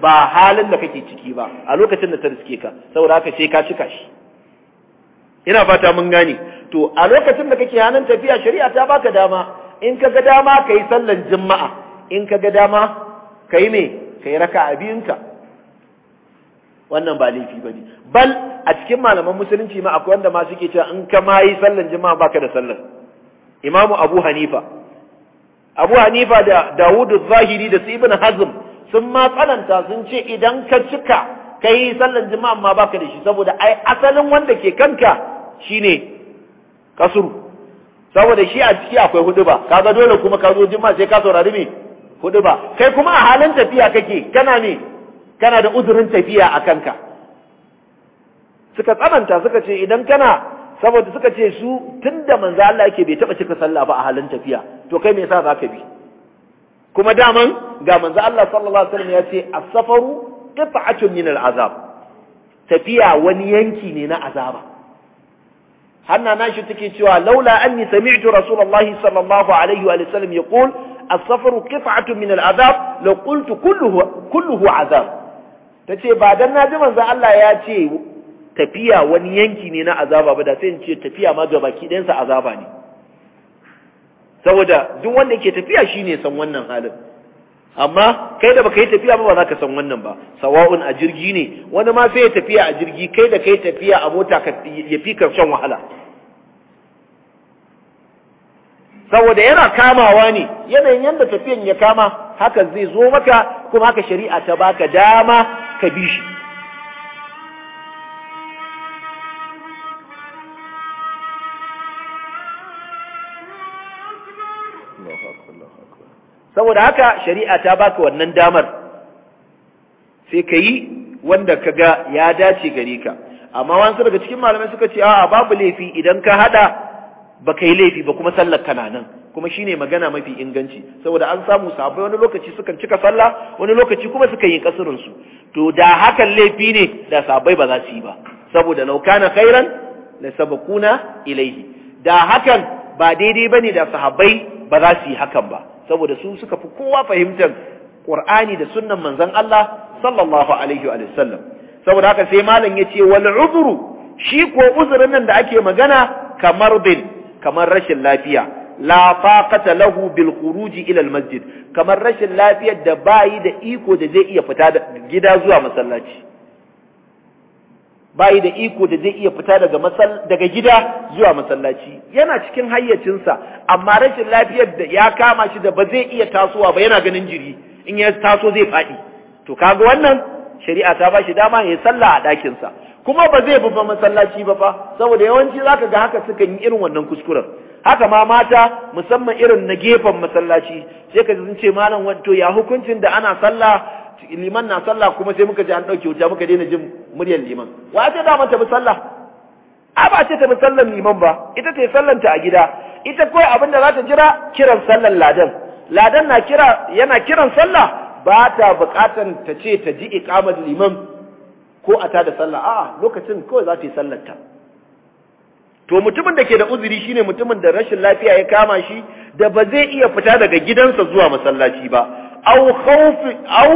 ba halin da kake ciki ba a lokacin da ta riske ka saboda haka sai ka cika shi ina fata mun gane to a lokacin da kake hannun tafiya shari'a ta baka dama in ka ga dama ka yi sallan juma'a in ka ga dama ka yi me ka yi raka abinka wannan ba laifi ba ne bal a cikin malaman musulunci ma akwai wanda ma suke cewa in ka ma yi sallan juma'a baka da sallan imamu abu hanifa abu hanifa da dawudu zahiri da su ibn hazm sun ma tsananta sun ce idan ka cika ka yi sallan juma'a ma baka da shi saboda ai asalin wanda ke kanka shine kasuru saboda shi a ciki akwai hudu ba kaga dole kuma ka zo jimma sai ka saurari me hudu kai kuma a halin tafiya kake kana ne kana da uzurin tafiya a kanka suka tsananta suka ce idan kana saboda suka ce su tunda manzo Allah yake bai taba cika sallah ba a halin tafiya to kai me yasa zaka bi kuma daman ga manzo Allah sallallahu alaihi wasallam ya ce as-safaru qit'atun min al-azab tafiya wani yanki ne na azaba hanna nashi take cewa laula anni sami'tu rasulullahi sallallahu alaihi wa sallam yaqul as-safaru qit'atun min al-adab la qultu kulluhu kulluhu azab tace ba dan naji manzo Allah ya ce tafiya wani yanki ne na azaba ba da sai tafiya ma gabaki ɗayan azaba ne saboda duk wanda yake tafiya shine san wannan halin amma kai da baka yi tafiya ba za ka san wannan ba sawa'un a jirgi ne wani ma sai ya tafiya a jirgi kai da kai tafiya a mota ya fi shan wahala saboda yana kamawa ne yanayin yadda tafiyan ya kama haka zai zo maka kuma haka shari'a ta baka dama ka bi shi saboda haka shari'a ta baka wannan damar sai ka yi wanda ka ga ya dace gare ka amma wasu daga cikin malamai suka ce a babu laifi idan ka hada ba yi laifi ba kuma sallar kana nan kuma shine magana mafi inganci saboda an samu sahabbai wani lokaci sukan cika sallah wani lokaci kuma suka yi kasurin su to da hakan laifi ne da sabai ba za su yi ba saboda law kana khairan la sabaquna ilayhi da hakan ba daidai bane da sahabbai ba za su yi hakan ba saboda su suka fi kowa fahimtar Qur'ani da sunnan manzon Allah sallallahu alaihi wa sallam saboda haka sai malam yace wal uzru shi ko uzurin nan da ake magana kamar bin kamar rashin lafiya la faqata lahu bil khuruj ila al masjid kamar rashin lafiyar da bayi da iko da zai iya fita gida zuwa masallaci bayi da iko da zai iya fita daga daga gida zuwa masallaci yana cikin hayyacinsa amma rashin lafiyar da ya kama shi da ba zai iya tasowa ba yana ganin jiri in ya taso zai faɗi to kaga wannan shari'a ta ba shi dama ya sallah a ɗakinsa kuma ba zai babba masallaci ba fa saboda yawanci zaka ga haka suka yi irin wannan kuskuren haka ma mata musamman irin na gefen masallaci sai ka zance malam wato ya hukuncin da ana sallah liman na sallah kuma sai muka ji an dauke wuta muka daina jin muryar liman wa ce da mata musalla a ba ce ta musallan liman ba ita ta yi sallanta a gida ita kawai abinda za ta jira kiran sallan ladan ladan na kira yana kiran sallah ba ta bukatan ta ce ta ji iqamat liman ko a tada sallah a'a lokacin kawai za ta yi sallar ta to mutumin da ke da uzuri shine mutumin da rashin lafiya ya kama shi da ba zai iya fita daga gidansa zuwa masallaci ba au khawf au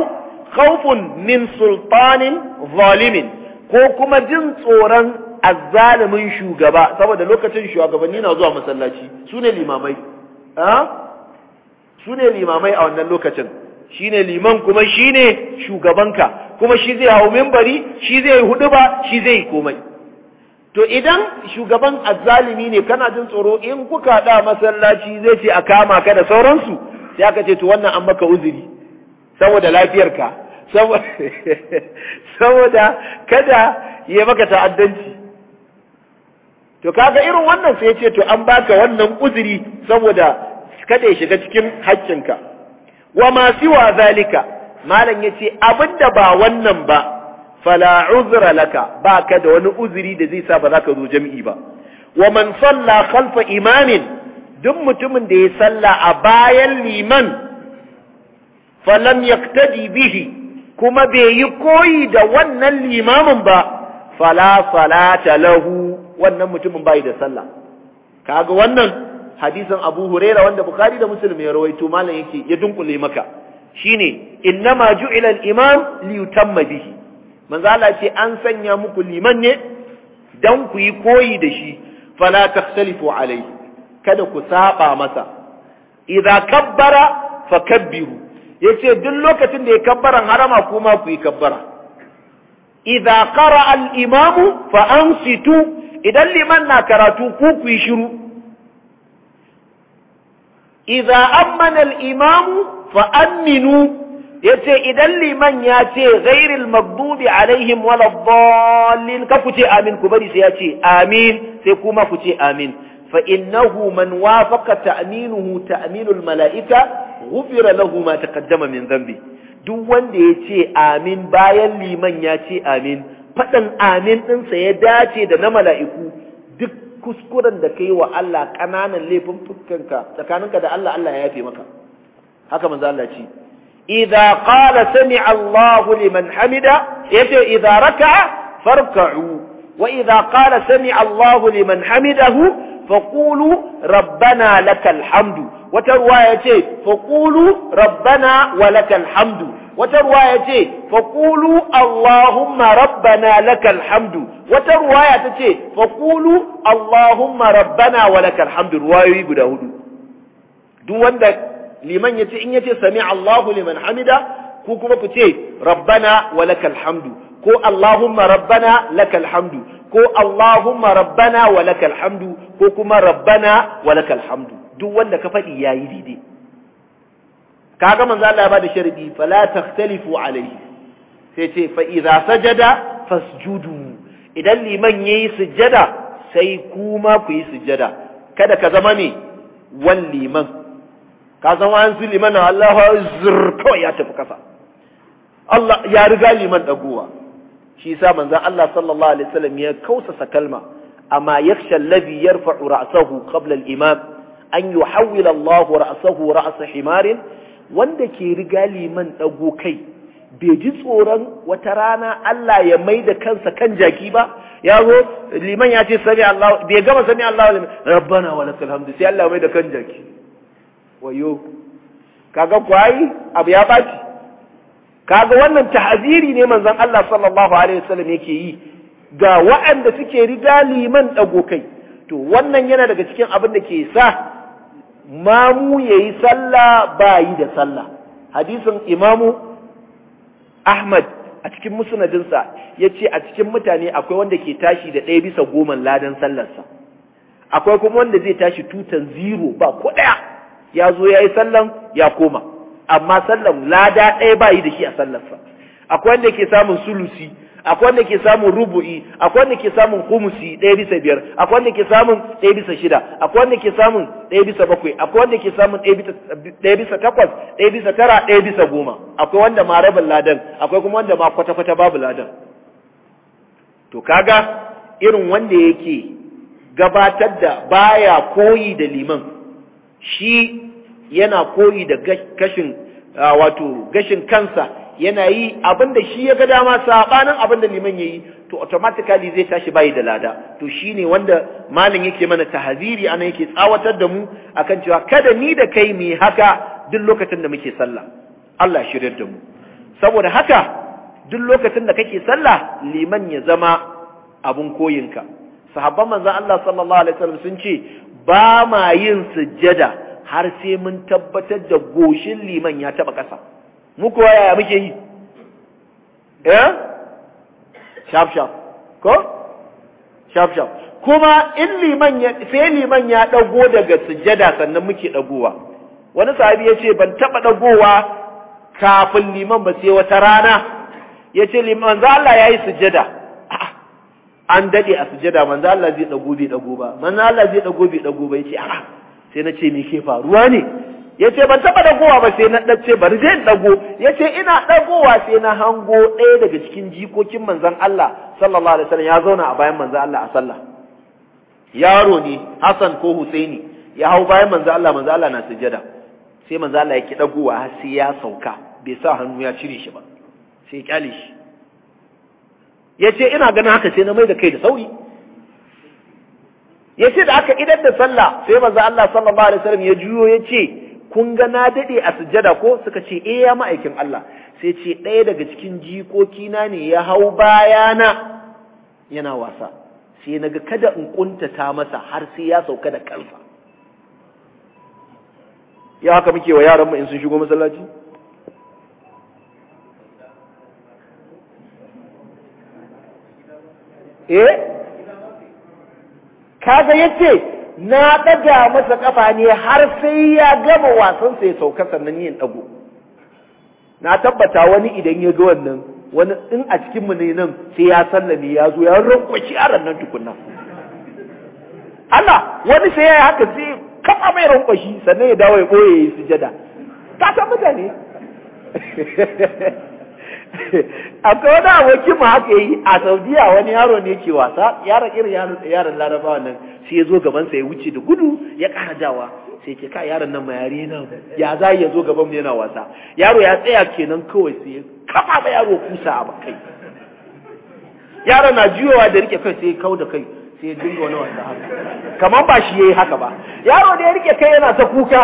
khawfun min sultanin zalimin ko kuma jin tsoron azzalimin shugaba saboda lokacin shugabanni na zuwa masallaci sune limamai a ah? sune limamai a wannan lokacin shine liman kuma shine shugabanka kuma shi zai hau mimbari shi zai hudu ba shi zai komai to idan shugaban azzalimi ne kana jin tsoro in kuka da masallaci zai ce a kama ka da sauransu sai aka ce to wannan an maka uzuri saboda lafiyarka saboda kada ya maka ta'addanci to kaga irin wannan sai ya ce to an baka wannan uzuri saboda kada ya shiga cikin haƙƙinka wa ma siwa zalika malam yace abinda ba wannan ba fala uzra laka ka da wani uzuri da zai sa ba za ka zo jam'i ba wa man salla khalfa imamin duk mutumin da ya salla a bayan liman falam yaktadi bihi kuma bai yi koyi da wannan limamin ba fala salata lahu wannan mutumin bai da sallah kaga wannan hadisin Abu Huraira wanda Bukhari da Muslim ya rawaito malam yake ya dunkule maka shine innama ju'ila al-imam li yutamma bihi manzo Allah ce an sanya muku liman ne dan ku yi koyi da shi fala takhtalifu alayhi kada ku saba masa idza kabbara fakabbiru yace duk lokacin da ya kabbara harama kuma ku yi kabbara idza qara al imam fa ansitu idan liman na karatu ku ku yi shiru Iza ammana imamu fa aminu yace idan liman ya ce ghairil maghdubi alaihim waladdallin ka ku ce amin ku bari sai ya ce amin sai kuma ku ce amin fa innahu man wafaqa ta'minuhu ta'minul mala'ika ghufira lahu ma taqaddama min zambi duk wanda ya ce amin bayan liman ya ce amin faɗan amin ɗinsa ya dace da na mala'iku duk kuskuren da yi wa Allah ƙananan laifin fuskanka tsakaninka da Allah Allah ya yafe maka haka manzo Allah ce idza qala sami'a Allahu liman hamida yace idza raka'a farka'u wa idza qala sami'a Allahu liman hamidahu faqulu rabbana lakal hamdu wata ruwaya ce faqulu rabbana wa lakal hamdu wata ya ce faqulu allahumma rabbana lakal hamdu wata ruwaya ta ce faƙulu allahumma rabbana wa lakal hamdu ruwayoyi guda hudu duk wanda liman ce in yace sami allahu liman hamida ku kuma ku ce rabbana wa lakal hamdu ko allahumma rabbana lakal hamdu ko allahumma rabbana wa lakal hamdu ko kuma rabbana wa lakal hamdu duk wanda ka faɗi yayi daidai kaga manzo Allah ya bada sharadi fala takhtalifu alayhi sai ce fa idza sajada fasjudu idan liman yayi sujjada sai kuma ku yi sujjada kada ka zama ne wan liman ka zama an su liman Allahu azzur kawai ya tafi kasa Allah ya riga liman dagowa shi yasa manzo Allah sallallahu alaihi wasallam ya kausasa kalma amma yakhsha alladhi yarfa'u ra'sahu qabla al-imam an yuhawwila Allahu ra'sahu ra's himarin wanda ke riga liman ɗago kai bai ji tsoron wata rana Allah ya mai da kansa kan jaki ba ya zo liman ya ce sami Allah bai gama sami Allah liman rabbana wa lakal hamdu sai Allah mai da kan jaki wayo kaga kwai abu ya baki kaga wannan tahziri ne manzon Allah sallallahu alaihi wasallam yake yi ga wa'anda suke riga liman ɗago kai to wannan yana daga cikin abin da ke sa mamu ya yi sallah ba yi da sallah hadisin imamu ahmad a cikin musnadinsa ya ce a cikin mutane akwai wanda ke tashi da ɗaya bisa goma ladan sallarsa akwai kuma wanda zai tashi tutan zero ba ko ɗaya ya zo ya yi sallan ya koma amma sallan lada ɗaya ba yi da shi a sallarsa akwai wanda ke samun sulusi akwai wanda ke samun rubu'i akwai wanda ke samun kumusi ɗaya bisa biyar akwai wanda ke samun ɗaya bisa shida akwai wanda ke samun ɗaya bisa bakwai akwai wanda ke samun ɗaya bisa takwas ɗaya bisa tara ɗaya bisa goma akwai wanda ma rabin ladan akwai kuma wanda ma kwata-kwata babu ladan to kaga irin wanda yake gabatar da baya koyi da liman shi yana koyi da gashin ah, wato gashin kansa yana yi abinda shi ya ga dama sabanin abinda liman yayi to automatically zai tashi bayi da lada to shine wanda malam yake mana tahziri anan yake tsawatar da mu akan cewa kada ni da kai mu haka duk lokacin da muke sallah Allah shiryar da mu saboda haka duk lokacin da kake sallah liman ya zama abun koyinka sahabban manzo Allah sallallahu alaihi wasallam sun ce ba ma yin sujjada har sai mun tabbatar da goshin liman ya taba kasa mu kuwa yaya muke yi eh sharp sharp ko sharp sharp kuma in liman ya sai liman ya dago daga sujjada sannan muke dagowa wani sahabi yace ban taba dagowa kafin liman ba sai wata rana yace liman za Allah yayi sujjada an dade a sujjada manzo Allah zai dago bai dago ba manzo Allah zai dago bai dago ba yace a'a sai na ce me ke faruwa ne ya ce ban taɓa ɗagowa ba sai na ɗace bari zai in ɗago ya ce ina ɗagowa sai na hango ɗaya daga cikin jikokin manzan Allah sallallahu alaihi wasallam ya zauna a bayan manzan Allah a sallah yaro ne Hassan ko Husaini ya hau bayan manzan Allah manzan Allah na sujada sai manzan Allah ya ki ɗagowa har sai ya sauka bai sa hannu ya cire shi ba sai ya kyale shi ya ce ina ganin haka sai na mai da kai da sauri ya ce da aka idan da sallah sai manzan Allah sallallahu alaihi wasallam ya juyo ya ce kun ga na dade a sujada ko suka ce eh ya ma'aikin Allah sai ce ɗaya daga cikin jikokina ne ya hau bayana yana wasa sai naga kada in ƙuntata masa har sai ya sauka da kansa ya haka muke wa yaran mu in sun shigo masallaci eh kaga yace na ɗaga masa ƙafa ne har sai ya gama wasan sai ya sauka sannan yin ɗago na tabbata wani idan ya ga wannan wani in a cikin mu ne nan sai ya sallame ya zo ya rankwaci a nan tukunna Allah wani sai ya yi haka sai kafa mai rankwashi sannan ya dawo ya ɓoye ya sujada ka san mutane akwai wani aboki mu haka yi a saudiya wani yaro ne ke wasa yaron irin yaron laraba nan sai ya zo gaban sa ya wuce da gudu ya ƙara dawa sai ke ka yaron nan mai na ya za ya zo gaban mu yana wasa yaro ya tsaya kenan kawai sai ya kafa ba yaro kusa a bakai yaro na juyowa da rike kai sai ya kau da kai sai ya dinga wani wasa haka kamar ba shi yayi haka ba yaro da ya rike kai yana ta kuka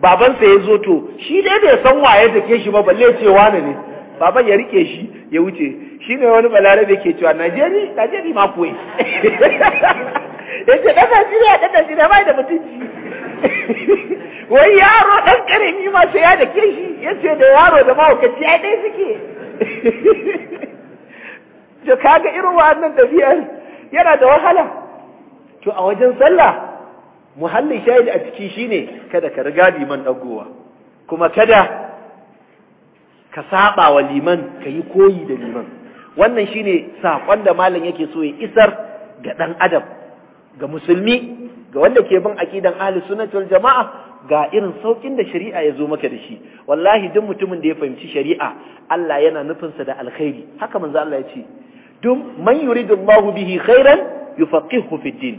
babansa ya zo to shi dai bai san waye take shi ba balle ce wani ne baban ya rike shi ya wuce shi ne wani balarabe ke cewa najeri najeri ma kuwa ya ce ɗan najeriya ɗan najeriya ba da mutunci wai yaro ɗan ƙarami masu yada ya da ke shi ya ce da yaro da mahaukaci ya ɗaya suke ka kaga irin wa'annan tafiyar yana da wahala to a wajen sallah muhallin shahid a ciki shine kada ka riga liman ɗagowa kuma kada ka saba wa liman ka yi koyi da liman wannan shine saƙon da malam yake so ya isar ga ɗan adam ga musulmi ga wanda ke bin aqidan ahli sunnatul jama'a ga irin saukin da shari'a ya zo maka da shi wallahi duk mutumin da ya fahimci shari'a Allah yana nufinsa da alkhairi haka manzo Allah ya ce duk man yuridullahu bihi khairan yufaqihu fid din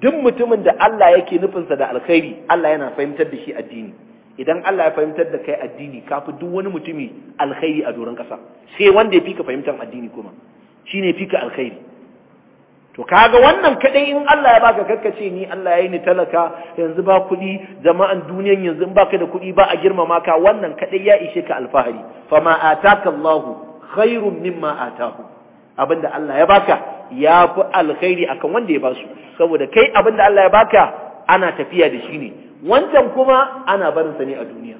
duk mutumin da Allah yake nufinsa da alkhairi Allah yana fahimtar da shi addini idan Allah ya fahimtar da kai addini kafi duk wani mutumi alkhairi a doron kasa sai wanda ya fika fahimtar addini kuma shine ka alkhairi to kaga wannan kadai in Allah ya baka karkace ni Allah ya yi ni talaka yanzu ba kuɗi jama'an duniyan yanzu in baka da kuɗi ba a girmama ka wannan kadai ya ishe ka alfahari fama ataka Allah khairun mimma atahu abinda Allah ya baka ya fi alkhairi akan wanda ya basu saboda kai abinda Allah ya baka ana tafiya da shi ne wancan kuma ana barin sa ne a duniya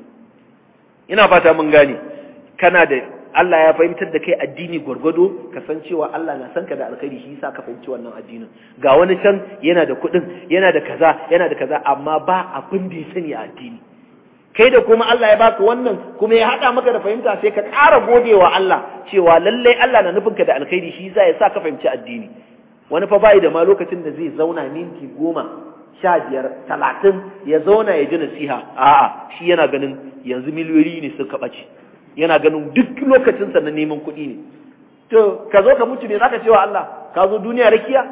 ina fata mun gane kana da Allah ya fahimtar da kai addini gwargwado ka cewa Allah na san ka da alkhairi shi yasa ka fahimci wannan addinin ga wani can yana da kuɗin yana da kaza yana da kaza amma ba abin da ya sani addini kai da kuma Allah ya baka wannan kuma ya hada maka da fahimta sai ka ƙara godewa Allah cewa lallai Allah na nufin ka da alkhairi shi yasa ya ka fahimci addini wani fa bai da ma lokacin da zai zauna minti goma sha biyar talatin ya zauna ya ji nasiha a'a shi yana ganin yanzu miliyoyi ne suka ɓace yana ganin duk lokacinsa na neman kuɗi ne to ka zo ka mutu ne zaka cewa Allah ka zo duniya rakiya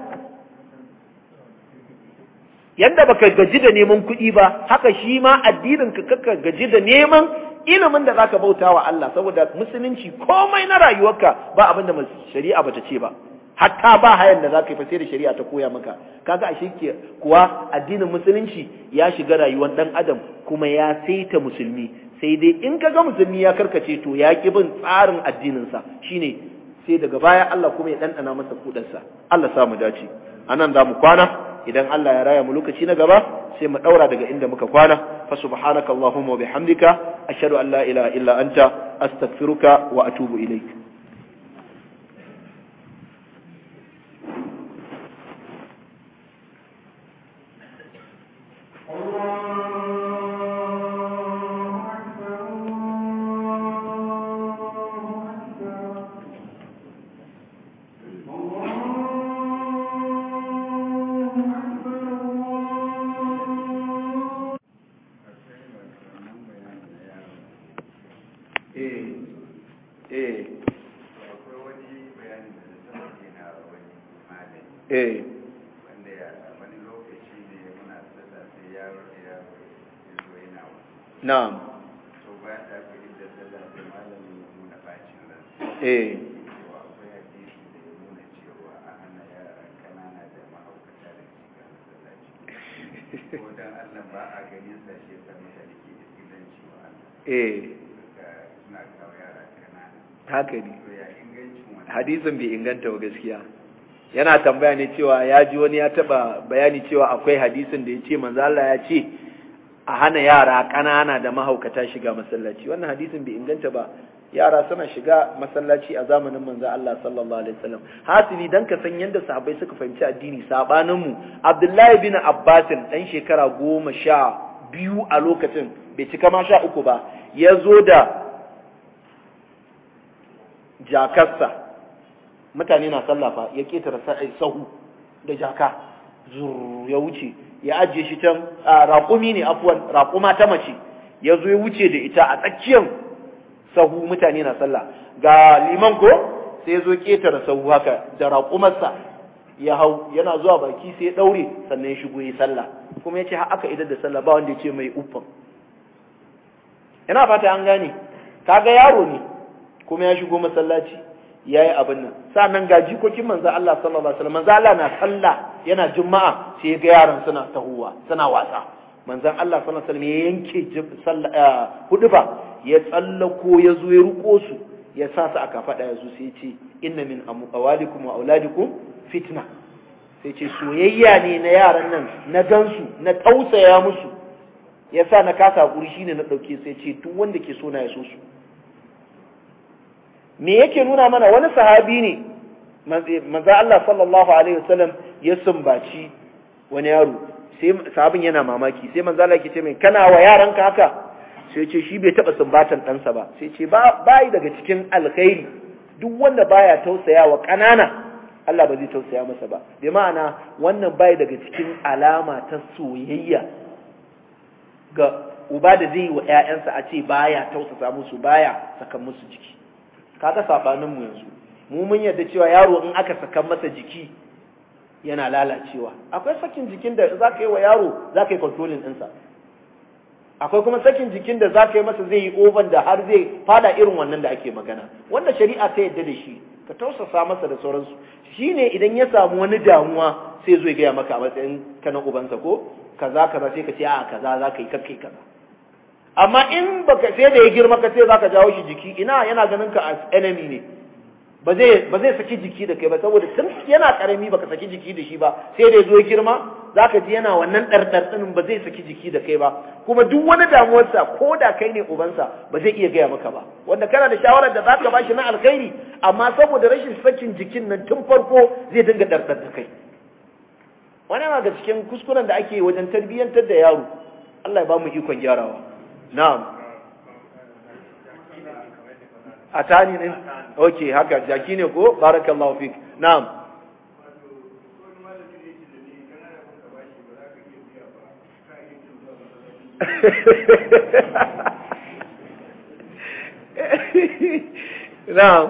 yanda baka gaji da neman kuɗi ba haka shi ma addinin ka kaka gaji da neman ilimin da zaka bauta wa Allah saboda musulunci komai na rayuwarka ba abin da shari'a bata ce ba hatta ba hayan da ka yi fa da shari'a ta koya maka kaga ashe ke kuwa addinin musulunci ya shiga rayuwar dan adam kuma ya saita musulmi sai dai in ka ga musulmi ya karkace to ya ki bin tsarin addinin sa shine sai daga baya Allah kuma ya ɗanɗana masa kudarsa Allah sa mu dace anan za mu kwana idan Allah ya raya mu lokaci na gaba sai mu ɗaura daga inda muka kwana fa subhanakallahumma wa bihamdika ashhadu an la ilaha illa anta astaghfiruka wa atubu ilaik inganta wa gaskiya yana tambaya ne cewa ya ji wani ya taba bayani cewa akwai hadisin da ya ce manzo Allah ya ce a hana yara ƙanana da mahaukata shiga masallaci wannan hadisin bai inganta ba yara suna shiga masallaci a zamanin manzo Allah sallallahu alaihi wasallam hasili dan ka san yanda sahabbai suka fahimci addini sabanin mu Abdullahi bin Abbas dan shekara 12 a lokacin bai cika ma 13 ba ya zo da jakarsa mutane na sallafa. ya ketara sahu da jaka ya wuce ya ajiye shi can raƙumi ne afuwan raƙuma ta mace ya zo ya wuce da ita a tsakiyar sahu mutane na sallah ga liman ko sai ya zo ketara sahu haka da raƙumarsa ya hau yana zuwa baki sai ya ɗaure sannan ya shigo ya sallah kuma ya ce aka idar da sallah ba wanda ya ce mai uffan yana fata an gane kaga yaro ne kuma ya shigo masallaci yayi abin nan sanan ga jikokin manzo Allah sallallahu alaihi wasallam manzo Allah na sallah yana juma'a sai ga yaran suna tahuwa suna wasa manzan Allah sallallahu alaihi wasallam ya yanke eh, hudufa ya tsallako ya zo ya ruko su ya sa su aka fada ya zo sai ya ce inna min amwalikum wa auladikum fitna sai ce soyayya ne na yaran nan na gansu na tausaya musu ya sa na kasa hakuri ne na dauke sai ce duk wanda ke so na ya so su me yake nuna mana wani sahabi ne manzo Allah sallallahu alaihi wasallam ya sumbaci wani yaro sai sahabin yana mamaki sai manzo Allah yake ce mai kana wa yaranka haka sai ce shi bai taba sumbatan ɗansa ba sai ce ba bai daga cikin alkhairi duk wanda baya tausayawa kanana Allah ba zai tausaya masa ba bi ma'ana wannan bai daga cikin alama ta soyayya ga uba da zai yi wa ƴaƴansa a ce baya tausasa musu baya saka musu jiki kaga sabanin mu yanzu mu mun yarda cewa yaro in aka saka masa jiki yana lalacewa akwai sakin jikin da zaka yi wa yaro zaka yi controlling ɗinsa akwai kuma sakin jikin da zaka yi masa zai yi oban da har zai fada irin wannan da ake magana wanda shari'a ta yarda da shi ka tausasa masa da sauransu shi ne idan ya samu wani damuwa sai zo ya gaya maka a matsayin ka ubansa ko kaza kaza sai ka ce a kaza zaka yi kakkai kaza amma in baka sai da ya girma ka ce ka jawo shi jiki ina yana ganin ka as enemy ne ba zai saki jiki da kai ba saboda tun yana karami ka saki jiki da shi ba sai da ya zo ya girma za ka ji yana wannan dardar din ba zai saki jiki da kai ba kuma duk wani damuwarsa ko da kai ne ubansa ba zai iya gaya maka ba wanda kana da shawarar da za ka ba shi na alkhairi amma saboda rashin sakin jikin nan tun farko zai dinga dardar da kai wani ma ga cikin kuskuren da ake wajen tarbiyyantar da yaro Allah ya ba mu ikon gyarawa na'am atani din okay haka jaki ne ko barakallahu fik na'am na'am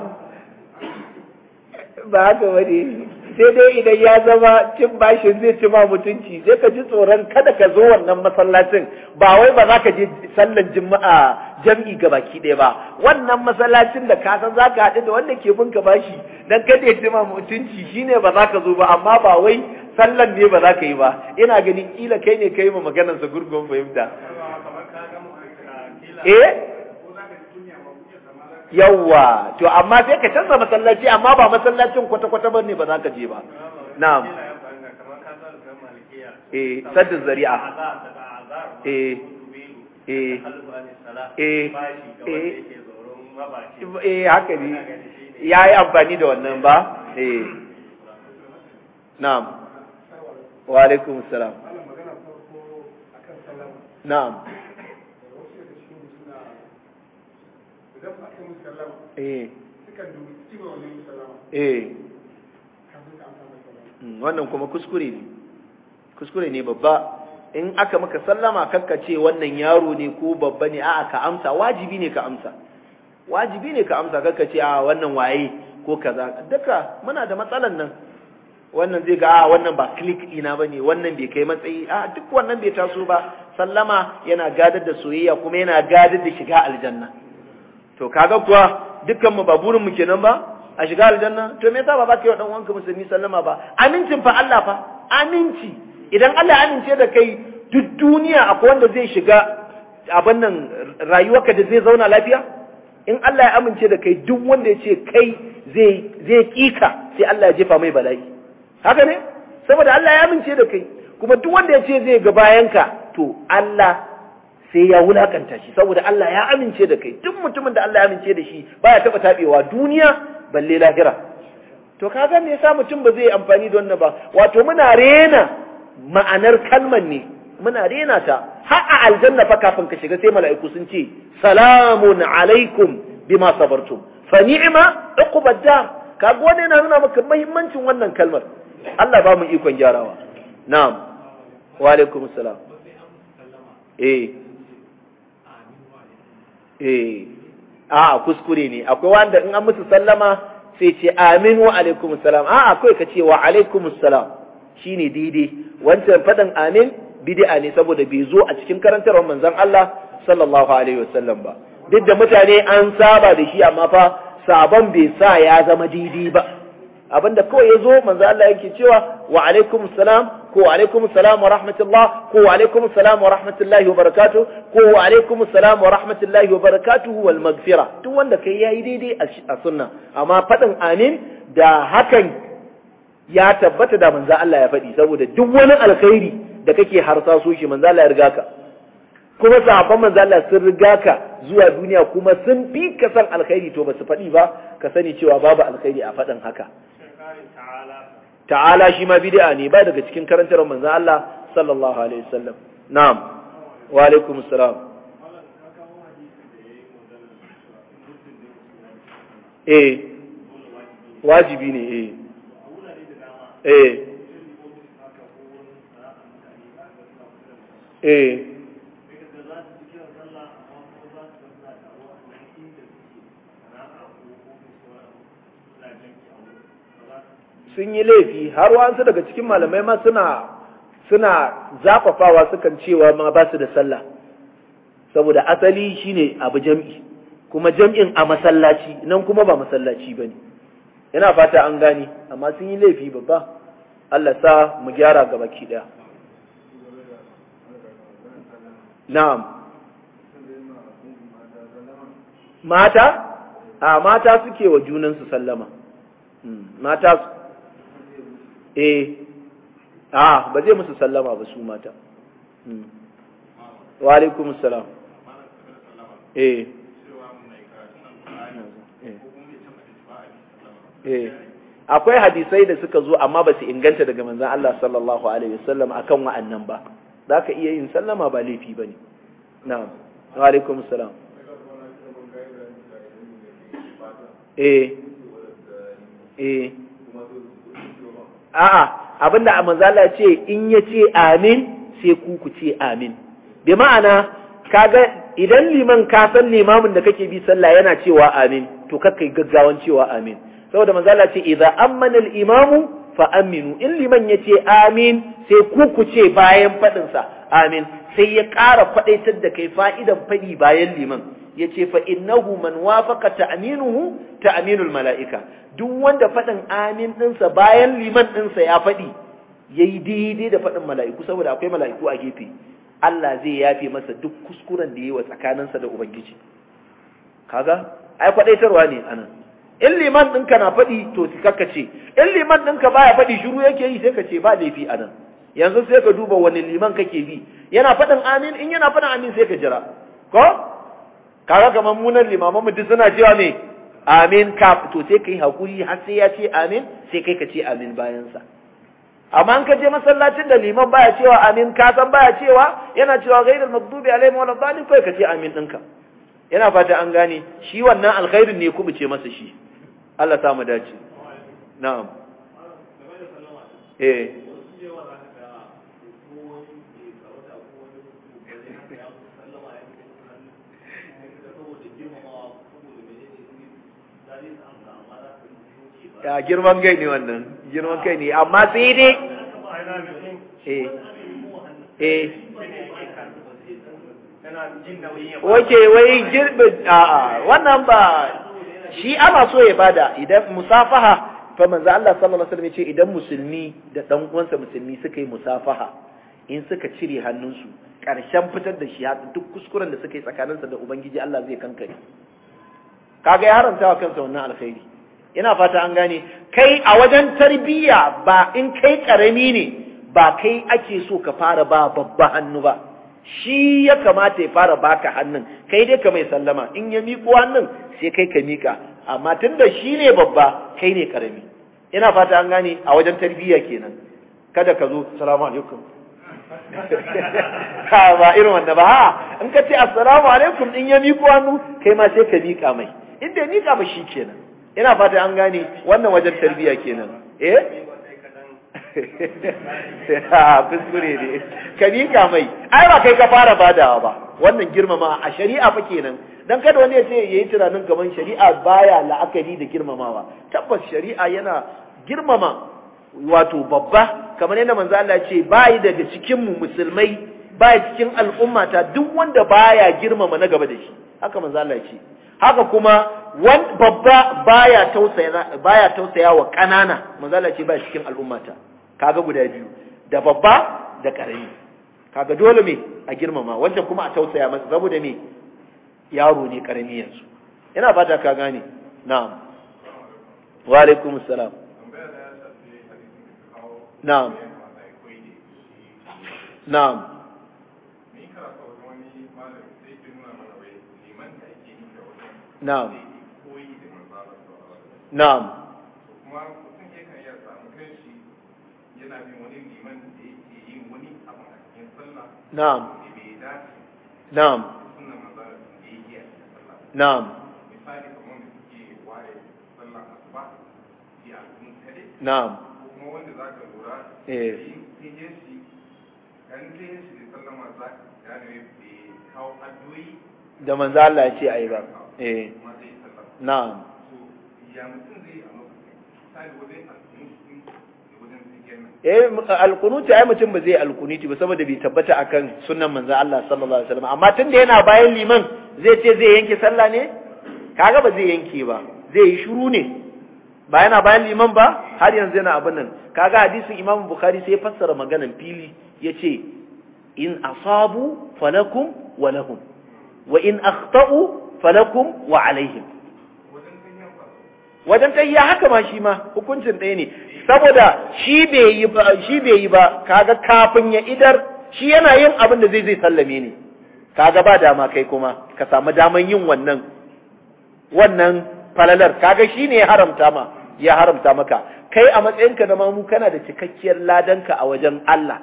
ba haka wani. sai dai idan ya zama cin bashin zai ci ma mutunci sai ka ji tsoron kada ka zo wannan masallacin ba wai ba za ka je sallan juma'a jam'i ga baki ɗaya ba wannan masallacin da ka san za ka haɗu da wanda ke bin ka bashi dan kada ya ci ma mutunci shine ba za ka zo ba amma ba wai sallan ne ba za ka yi ba ina ganin kila kai ne kai ma maganarsa gurgun fahimta eh yawa to amma sai ka canza masallaci amma ba masallacin kwata-kwata bane ba za ka je ba na'am eh saddin zari'a eh eh eh eh, eh haka ne yayi amfani da wannan ba eh na'am wa alaikum na na'am Eh. Eh. Hmm, wannan kuma kuskure ne kuskure ne babba in aka maka sallama kakka ce wannan yaro ne ko babba ne a'a ka amsa wajibi ne ka amsa wajibi ne ka amsa kakka ce a wannan waye ko kaza duka muna da matsalan nan wannan zai ga a wannan ba click ina bane wannan bai kai matsayi a duk wannan bai taso ba sallama yana gadar da soyayya kuma yana gadar da shiga aljanna to kaga kuwa dukkan mu ba burin mu kenan ba a shiga aljanna to me yasa ba za wa dan uwanka musulmi sallama ba amincin fa Allah fa aminci idan Allah ya amince da kai duk duniya akwai wanda zai shiga abin nan rayuwarka da zai zauna lafiya in Allah ya amince da kai duk wanda ya ce kai zai zai kika sai Allah ya jefa mai bala'i haka ne saboda Allah ya amince da kai kuma duk wanda ya ce zai ga bayanka to Allah sai ya wulakanta shi saboda Allah ya amince da kai duk mutumin da Allah ya amince da shi baya taba tabewa duniya balle lahira to kaga me yasa mutum ba zai yi amfani da wannan ba wato muna rena ma'anar kalmar ne muna rena ta har a aljanna fa kafin ka shiga sai mala'iku sun ce salamun alaikum bima sabartum fa ni'ma uqbad dar kaga wannan yana nuna maka muhimmancin wannan kalmar Allah ba mu ikon gyarawa na'am wa alaikum salam eh eh a kuskure ne akwai wanda in an musu sallama sai ce amin wa alaikum salam a akwai ka ce wa alaikum salam shine daidai wancan faɗin amin bid'a ne saboda bai zo a cikin karantarwar manzon Allah sallallahu alaihi wasallam ba duk da mutane an saba da shi amma fa sabon bai sa ya zama daidai ba abinda kawai ya zo manzo Allah yake cewa wa alaikum salam ko wa alaikum salam wa rahmatullah ko alaikum salam wa rahmatullahi wa barakatuh ko wa alaikum salam wa rahmatullahi wa barakatuhu wal maghfira duk wanda kai yayi daidai a sunna amma fadin amin da hakan ya tabbata da manzo Allah ya faɗi saboda duk wani alkhairi da kake harsa so shi manzo Allah ya riga ka kuma sahabban manzo Allah sun riga ka zuwa duniya kuma sun fi ka san alkhairi to ba su faɗi ba ka sani cewa babu alkhairi a faɗin haka ta'ala shi ma bid'a ne ba daga cikin karantar manzon Allah sallallahu alaihi wasallam na'am wa alaikum assalam eh wajibi ne eh eh eh sun yi laifi har wasu daga cikin malamai ma suna suna zafafawa sukan cewa ma ba su da sallah saboda asali shine abu jam'i kuma jam'in a masallaci nan kuma ba masallaci bane ina fata an gani amma sun yi laifi babba Allah sa mu gyara gaba ki daya na'am mata a mata suke wa junansu sallama hmm, mata eh ah ba zai musu sallama ba su mata hmm. wa alaikum salam eh eh akwai hadisai da suka zo amma ba su inganta daga manzan Allah sallallahu alaihi wasallam akan wa'annan ba za ka iya yin sallama ba laifi ba ne na'am wa alaikum salam eh eh a'a abinda a manzala ce in ya ce amin sai ku ku ce amin bi ma'ana kaga idan liman ka san limamin da kake bi sallah yana cewa amin to kakka gaggawan cewa amin saboda manzala ce idza ammana al-imamu fa aminu in liman ya ce amin sai ku ku ce bayan fadin sa amin sai ya kara faɗaitar da kai fa'idan faɗi bayan liman yace fa innahu man wafaqa ta'minuhu ta'minul mala'ika duk wanda fadin amin dinsa bayan liman dinsa ya fadi yayi daidai da fadin mala'iku saboda akwai mala'iku a gefe Allah zai yafe masa duk kuskuren da yayi wa tsakaninsa da ubangiji kaga ai kwadaitarwa ne anan in liman ɗinka na faɗi to kakka ce in liman ɗinka baya faɗi shiru yake yi sai ka ce ba laifi a nan yanzu sai ka duba wani liman kake bi yana faɗin amin in yana faɗin amin sai ka jira ko kaga kamar munan limaman mu duk suna cewa me amin ka to sai kai hakuri har sai ya ce amin sai kai ka ce amin bayan sa amma an ka je masallacin da liman baya cewa amin ka san baya cewa yana cewa ghairul maghdubi alaihim waladdallin kai ka ce amin dinka yana fata an gane shi wannan alkhairin ne ku ce masa shi Allah ta mu dace na'am eh ya girman kai ne wannan girman kai ne amma sai dai eh eh wake wai girbe. a'a wannan ba shi ana so ya bada idan musafaha fa manzo Allah sallallahu alaihi wasallam ya ce idan musulmi da dan uwansa musulmi suka yi musafaha in suka cire hannunsu karshen fitar da shi hatsin duk kuskuren da suka yi tsakaninsa da ubangiji Allah zai kankare kaga ya haramta wa kansa wannan alkhairi ina fata an gane kai a wajen tarbiyya ba in kai karami ne ba kai ake so ka fara ba babba hannu ba shi ya kamata ya fara baka hannun kai dai ka mai sallama in ya miƙo hannun sai kai ka miƙa amma tunda shi ne babba kai ne karami ina fata an gane a wajen tarbiyya kenan kada ka zo salamu alaikum ha ba irin wanda ba ha in ka ce assalamu alaikum in ya miƙo hannu kai ma sai ka miƙa mai in da miƙa ba shi kenan ina fata an gane wannan wajen tarbiya kenan eh ah, kuskure ne ka ka mai ai ba kai ka fara badawa ba wannan girmama a shari'a fa kenan dan kada wani ya ce yayi tunanin gaban shari'a baya la'akari da girmamawa tabbas shari'a yana girmama wato babba kamar yadda manzo Allah ya ce bai daga cikin mu musulmai bai cikin al'umma ta duk wanda baya girmama na gaba da shi haka manzo Allah ya ce haka kuma wan babba baya tausaya tausaya wa ƙanana manzala ce ba cikin al'ummata kaga guda biyu da babba da ƙarami. kaga dole me a girmama wancan kuma a tausaya zabu da me yaro ne ƙarami yanzu ina fata ka gane na'am wa alaikum salam na'am na'am na'am na'am a na'am na'am a na'am na'am eh. da manzo Allah ya ce yi ba eh na'am eh alkunuti ai mutum ba zai alkunuti ba saboda bai tabbata akan sunan manzon Allah sallallahu alaihi wasallam amma tunda yana bayan liman zai ce zai yanke sallah ne kaga ba zai yanke ba zai yi shiru ne ba yana bayan liman ba har yanzu yana abin nan kaga hadisin Imam Bukhari sai ya fassara maganan fili yace in asabu falakum wa lahum wa in akhta'u falakum wa alaihim wajen ta tahiyya haka ma shi ma hukuncin ɗaya ne saboda shi bai yi ba shi bai yi ba kaga kafin ya idar shi yana yin abin da zai zai sallame ne kaga ba dama kai kuma ka samu daman yin wannan wannan falalar kaga shi ne ya haramta ma ya haramta maka kai a matsayinka na mamu kana da cikakkiyar ladanka a wajen Allah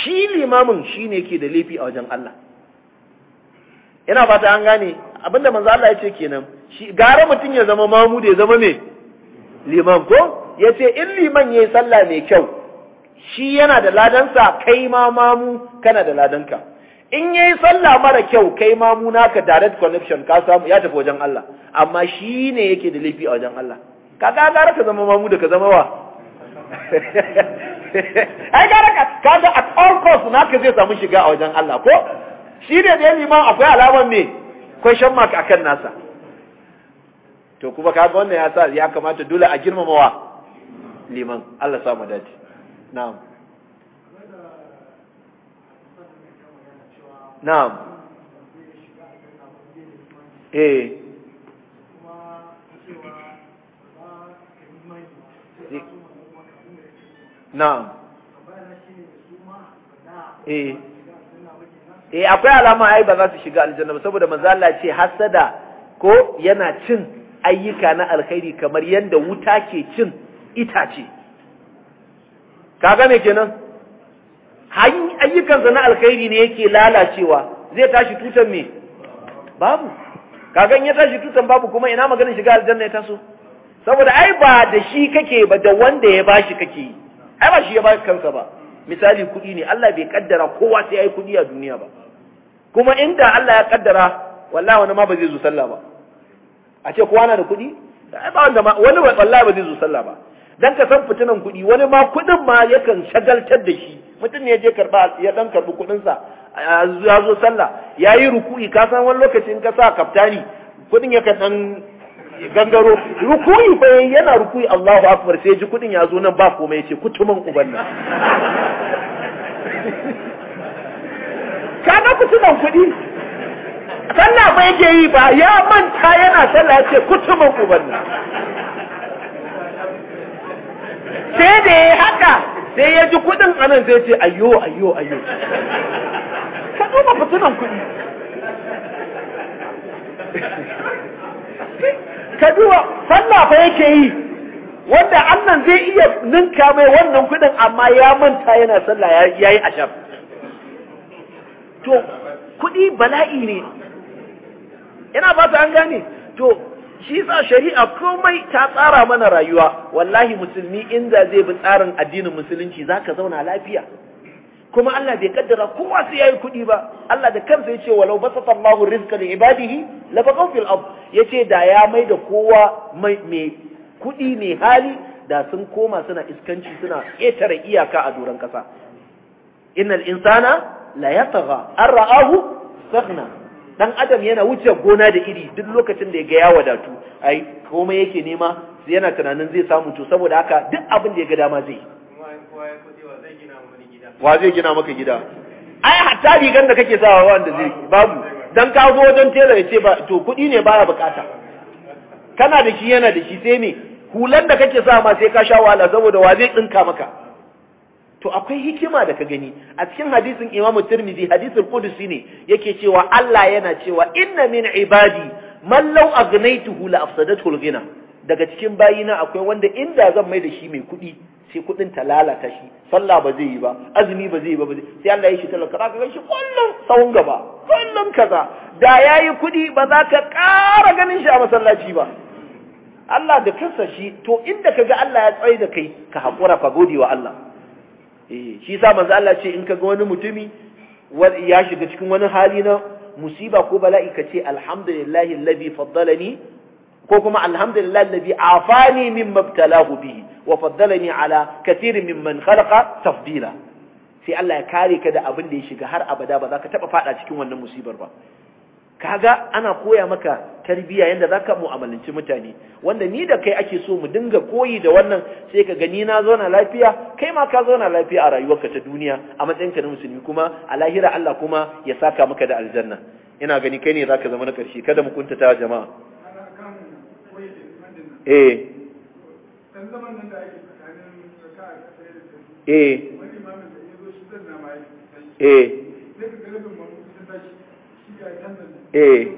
shi limamin shi ne ke da laifi a wajen Allah ina fata an gane abinda manzo Allah ya ce kenan shi gara mutum ya zama mamu da ya zama me liman ko ya ce in liman yayi sallah mai kyau shi yana da ladansa kai ma mamu kana da ladanka in yayi sallah mara kyau kai mamu naka direct connection ka samu ya tafi wajen Allah amma shi ne yake da laifi a wajen Allah ga gara ka zama mamu da ka zama wa ai gara ka ga at all cost naka zai samu shiga a wajen Allah ko shi ne da liman akwai alaman me question mark akan nasa to kuma kaga wannan ya sa ya kamata dole a girmamawa liman Allah sa mu dace na'am na'am eh na'am eh eh akwai alama ai ba za su shiga aljanna ba saboda manzo Allah ce hasada ko yana cin ayyuka na alkhairi kamar yanda wuta ke cin itace kaga me kenan ayyukan sa na alkhairi ne yake lalacewa zai tashi tutan me babu kaga ya tashi tutan babu kuma ina maganin shiga aljanna ya taso saboda ai ba da shi kake ba da wanda ya bashi kake yi ai ba shi ya baka kansa ba misali kuɗi ne Allah bai kaddara kowa sai yayi kuɗi a duniya ba kuma inda Allah ya kaddara wallahi wani ma ba zai zo sallah ba a ce kowa na da kuɗi ai ba wanda ma wani wallahi ba zai zo sallah ba dan ka san fitinan kuɗi wani ma kuɗin ma yakan shagaltar da shi mutum ne ya je karba ya dan karbi kuɗin sa ya zo sallah yayi ruku'i ka san wani lokaci in ka sa kaftani kuɗin yakan dan gangaro ruku'i fa yana ruku'i Allahu akbar sai ji kuɗin ya zo nan ba komai ya ce kutumin uban nan kaga kutuban kuɗi sallah bai ke yi ba ya manta yana sallah ce kutumin ubanni sai da ya haka sai ya ji kuɗin anan zai ce ayyo ayyo ayyo ka duba fitunan kuɗi ka duba sallah fa yake yi wanda annan zai iya ninka mai wannan kuɗin amma ya manta yana sallah ya yi ashab to kudi bala'i ne ina ba ta an gane to shi sa shari'a komai ta tsara mana rayuwa wallahi musulmi inda zai bi tsarin addinin musulunci za ka zauna lafiya kuma Allah bai kaddara kowa sai yayi kudi ba Allah da kansa yace walau basata Allahu rizqa li ibadihi la faqaw fil ard yace da ya mai da kowa mai me kuɗi ne hali da sun koma suna iskanci suna ƙetare iyaka a doron kasa innal insana la yatgha an ra'ahu dan adam yana wuce gona da iri duk lokacin da ya ga yawa Datu. ai komai yake nema yana tunanin zai samu to saboda haka duk abin da ya ga dama zai wa zai gina maka gida ai hatta rigar da kake sawa wanda zai babu dan ka zo wajen tela ya ce ba to kuɗi ne baya bukata kana da shi yana da shi sai me hulan da kake sawa ma sai ka sha wahala saboda wa zai dinka maka to akwai hikima da ka gani a cikin hadisin Imam Tirmidhi hadisul Qudsi ne yake cewa Allah yana cewa inna min ibadi man law aghnaytuhu la afsadathu al-ghina daga cikin bayina akwai wanda inda zan mai da shi mai kudi, sai kudin ta lalata shi sallah ba zai yi ba azumi ba zai yi ba sai Allah ya shi talaka ka ga shi kullum tsawon gaba kullum kaza da yayi kudi, ba za ka ƙara ganin shi a masallaci ba Allah da kansa shi to inda kaga Allah ya tsaye da kai ka haƙura ka gode wa Allah eh shi yasa manzo Allah ce in kaga wani mutumi ya shiga cikin wani hali na musiba ko bala'i ka ce alhamdulillahi alladhi faddalani ko kuma alhamdulillahi alladhi afani min ibtalahu bihi wa faddalani ala min man khalaqa tafdila sai Allah ya kare ka da abin da ya shiga har abada ba za ka taba fada cikin wannan musibar ba kaga ana koya maka tarbiya yanda zaka mu'amalanci mutane wanda ni da kai ake so mu dinga koyi da wannan sai ka gani na zauna lafiya kai ma ka zauna lafiya a rayuwarka ta duniya a matsayinka na musulmi kuma a lahira Allah kuma ya saka maka da aljanna ina gani kai ne zaka zama na ƙarshe. kada mu kuntata jama'a eh eh eh eh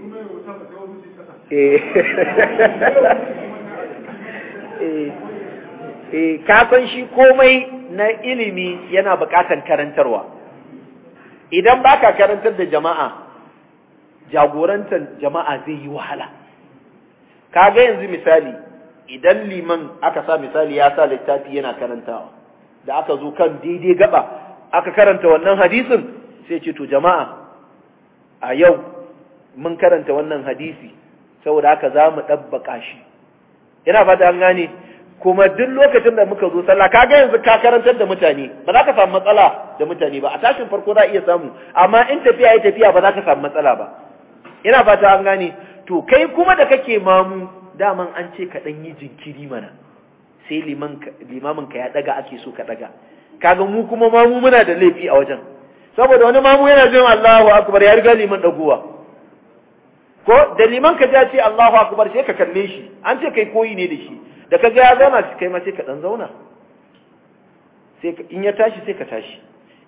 Eh. Eh, ka san shi komai na ilimi yana bukatan karantarwa idan baka karantar da jama'a jagorantar jama'a zai yi wahala kaga yanzu misali idan liman aka sa misali ya sa littafi yana karantawa da aka zo kan daidai gaba aka karanta wannan hadisin sai ce to jama'a a yau mun karanta wannan hadisi saboda haka za mu ɗabbaƙa shi ina fata an gane kuma duk lokacin da muka zo sallah ka kaga yanzu ka karantar da mutane ba za ka samu matsala da mutane ba a tashin farko za a iya samu amma in tafiya ya tafiya ba za ka samu matsala ba ina fata an gane to kai kuma da kake mamu daman an ce ka ɗan yi jinkiri mana sai limamin ka ya ɗaga ake so ka ɗaga kaga mu kuma mamu muna da laifi a wajen saboda wani mamu yana jin Allahu akbar ya riga liman ɗagowa ko da liman ka ja ce Allahu akbar sai ka kalle shi an ce kai koyi ne da shi da ka ga ya zauna kai ma sai ka dan zauna sai in ya tashi sai ka tashi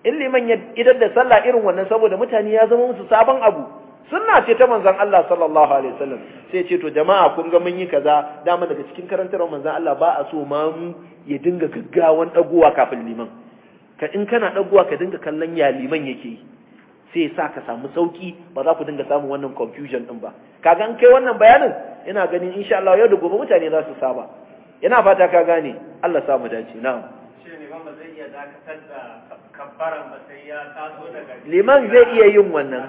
in liman ya idan da sallah irin wannan saboda mutane ya zama musu sabon abu sunna ce ta manzon Allah sallallahu alaihi wasallam sai ce to jama'a kun ga mun yi kaza dama daga cikin karantar manzon Allah ba a so ma mu ya dinga gaggawan dagowa kafin liman ka in kana dagowa ka dinga kallon ya liman yake yi sai sa ka samu sauki ba za ku dinga samun wannan confusion din ba kaga an kai wannan bayanin ina ganin insha Allah yau da gobe mutane za su saba ina fata ka gane Allah sa mu dace na'am zai iya dakatar da kabbaran ba sai ya taso daga liman zai iya yin wannan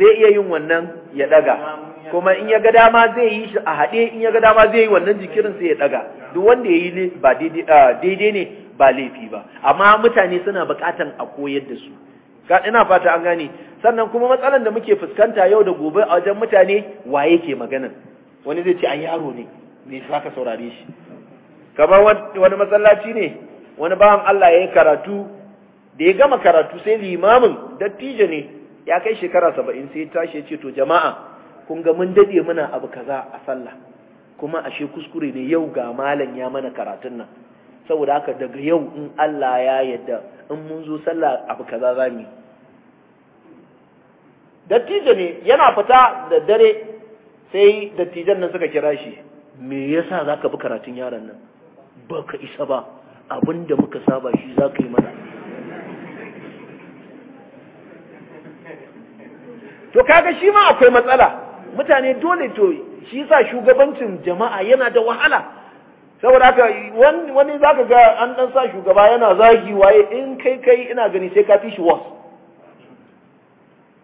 zai iya yin wannan ya daga kuma in ya ga dama zai yi shi a haɗe in ya ga dama zai yi wannan jikirin sai ya daga duk wanda ya yi ba daidai ne ba laifi ba amma mutane suna buƙatan a koyar da su ka ina fata an gane sannan kuma matsalan da muke fuskanta yau da gobe a wajen mutane waye ke magana? wani zai ce a yaro ne me fa ka saurare shi kamar wani masallaci ne wani bawan Allah yayin karatu da ya gama karatu sai limamin dattijo ne ya kai shekara 70 sai tashi ya ce to jama'a kun ga mun dade muna abu kaza a sallah kuma ashe kuskure ne yau ga malam ya mana karatun nan saboda haka daga yau in Allah ya yarda in mun zo sallah abu kaza za mu dattijo ne yana fita da dare sai dattijan nan suka kira shi me yasa zaka bi karatun yaron nan baka isa ba abinda muka saba shi zaka yi mana to kaga shi ma akwai matsala mutane dole to shi yasa shugabancin jama'a yana da wahala saboda haka wani zaka ga an dan sa shugaba yana zagi waye in kai kai ina gani sai ka fi shi wasu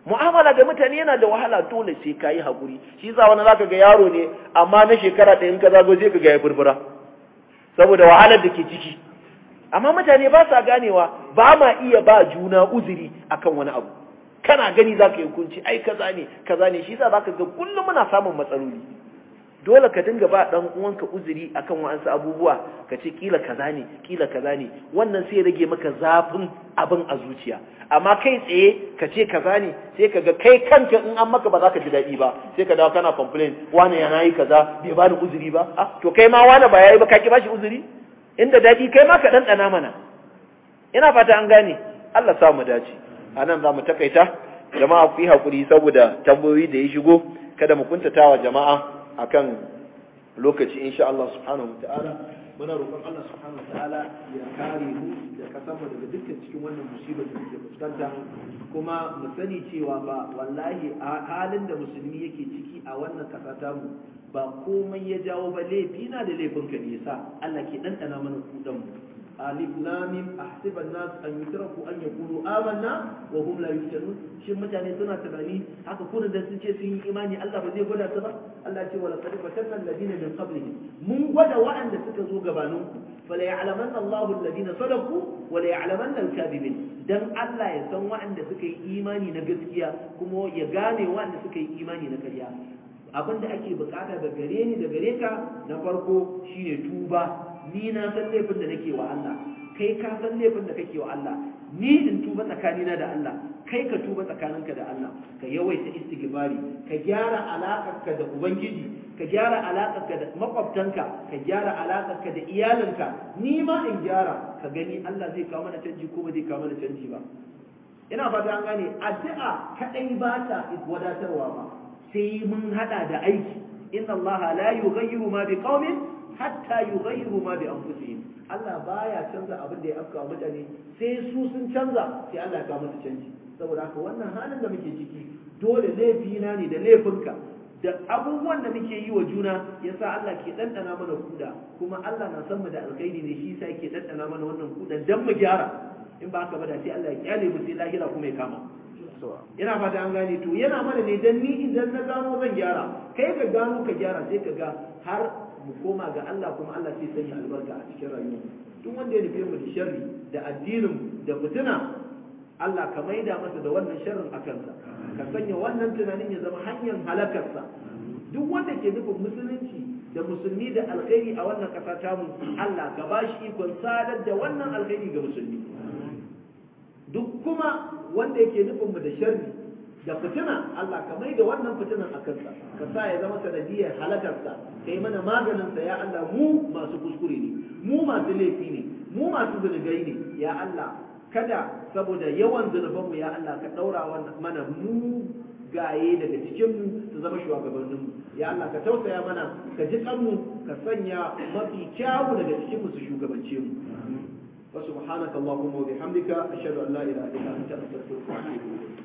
mu'amala da mutane yana da wahala dole sai ka yi haƙuri shi za wani zaka ga yaro ne amma na shekara ɗaya in ka zago sai ka ga ya burbura saboda wahalar da ke ciki amma mutane ba sa ganewa ba ma iya ba juna uzuri akan wani abu kana gani ka yi hukunci ai kaza ne kaza ne shi za zaka ga kullum muna samun matsaloli dole ka dinga ba dan uwanka uzuri akan wa'ansu abubuwa ka ce kila kaza ne kila kaza ne wannan sai rage maka zafin abin a zuciya amma kai tsaye ka ce kaza ne sai ka ga kai kanka in an maka ba za ka ji daɗi ba sai ka dawo kana complain wani yana yi kaza bai ba ni uzuri ba ah to kai ma wani ba yayi ba ka ki shi uzuri inda daɗi kai ma ka ɗanɗana mana ina fata an gane Allah sa mu dace anan za mu takaita jama'a ku yi hakuri saboda tambayoyi da ya shigo kada mu kuntatawa jama'a akan lokaci insha Allah subhanahu ta'ala muna roƙon Allah subhanahu ta'ala ya kare mu da kasar daga dukkan cikin wannan musibar da ke fuskanta kuma mu sani cewa ba wallahi a halin da musulmi yake ciki a wannan kasa mu ba komai ya jawo ba laifi na da laifin ka ne yasa Allah ke ɗanɗana mana kuɗan mu alif lamim ahsiban nas an yutraku an yaqulu amanna wa hum la yuftanun shin mutane suna tunani haka kuna da sun ce sun yi imani Allah ba zai gwada su ba Allah ce wala qad fatanna alladina min qablihim mun gwada waɗanda suka zo gabanin ku fala ya'lamanna Allahu alladina sadaku wa la ya'lamanna al-kadhibin dan Allah ya san waɗanda suka yi imani na gaskiya kuma ya gane waɗanda suka yi imani na ƙarya abinda ake bukata da gare ni da gare ka na farko shine tuba ni na san laifin da nake wa Allah kai ka san laifin da kake wa Allah ni in tuba tsakanina da Allah kai ka tuba tsakaninka da Allah ka yawaita istighfari ka gyara alakarka da ubangiji ka gyara alakarka da makwabtanka ka gyara alakarka da iyalinka ni ma in gyara ka gani Allah zai kawo mana canji ko ba zai kawo mana canji ba ina fata an gane addu'a kadai ba ta wadatarwa ba sai mun hada da aiki inna Allah la yughayyiru ma biqaumin hatta yughayyiru ma bi anfusihim Allah baya canza abin da ya afka mutane sai su sun canza sai Allah ya kawo musu canji saboda haka wannan halin da muke ciki dole laifina ne da laifinka da abubuwan da muke yi wa juna yasa Allah ke dandana mana kuda kuma Allah na san mu da alkhairi ne shi yasa yake dandana mana wannan kuda dan mu gyara in ba haka ba da sai Allah ya kyale mu sai lahira kuma ya kama yana fata an gane to yana mana ne dan ni idan na gano zan gyara kai ka gano ka gyara sai ka ga har mu koma ga Allah kuma Allah sai sanya albarka a cikin rayuwa. duk wanda ya nufi mu da sharri da addinin da fitina Allah ka maida masa da wannan sharrin a kansa ka sanya wannan tunanin ya zama hanyar halakarsa duk wanda ke nufin musulunci da musulmi da alkhairi a wannan ta tamu Allah ka ba shi ikon sadar da wannan alkhairi ga musulmi duk kuma wanda yake nufin mu da sharri da fitina Allah ka mai da wannan fitinan a kansa ka sa ya zama sanadiyar halakarsa ka yi mana maganinsa ya Allah mu masu kuskure ne mu masu laifi ne mu masu zunubai ne ya Allah kada saboda yawan zunubanmu ya Allah ka daura mana mu gaye daga cikinmu su zama shugabanninmu ya Allah ka tausaya mana ka ji kanmu ka sanya mafi kyawu daga cikinmu su shugabance mu wa subhanaka allahumma wa bihamdika ashhadu an la ilaha illa anta astaghfiruka wa atubu ilayk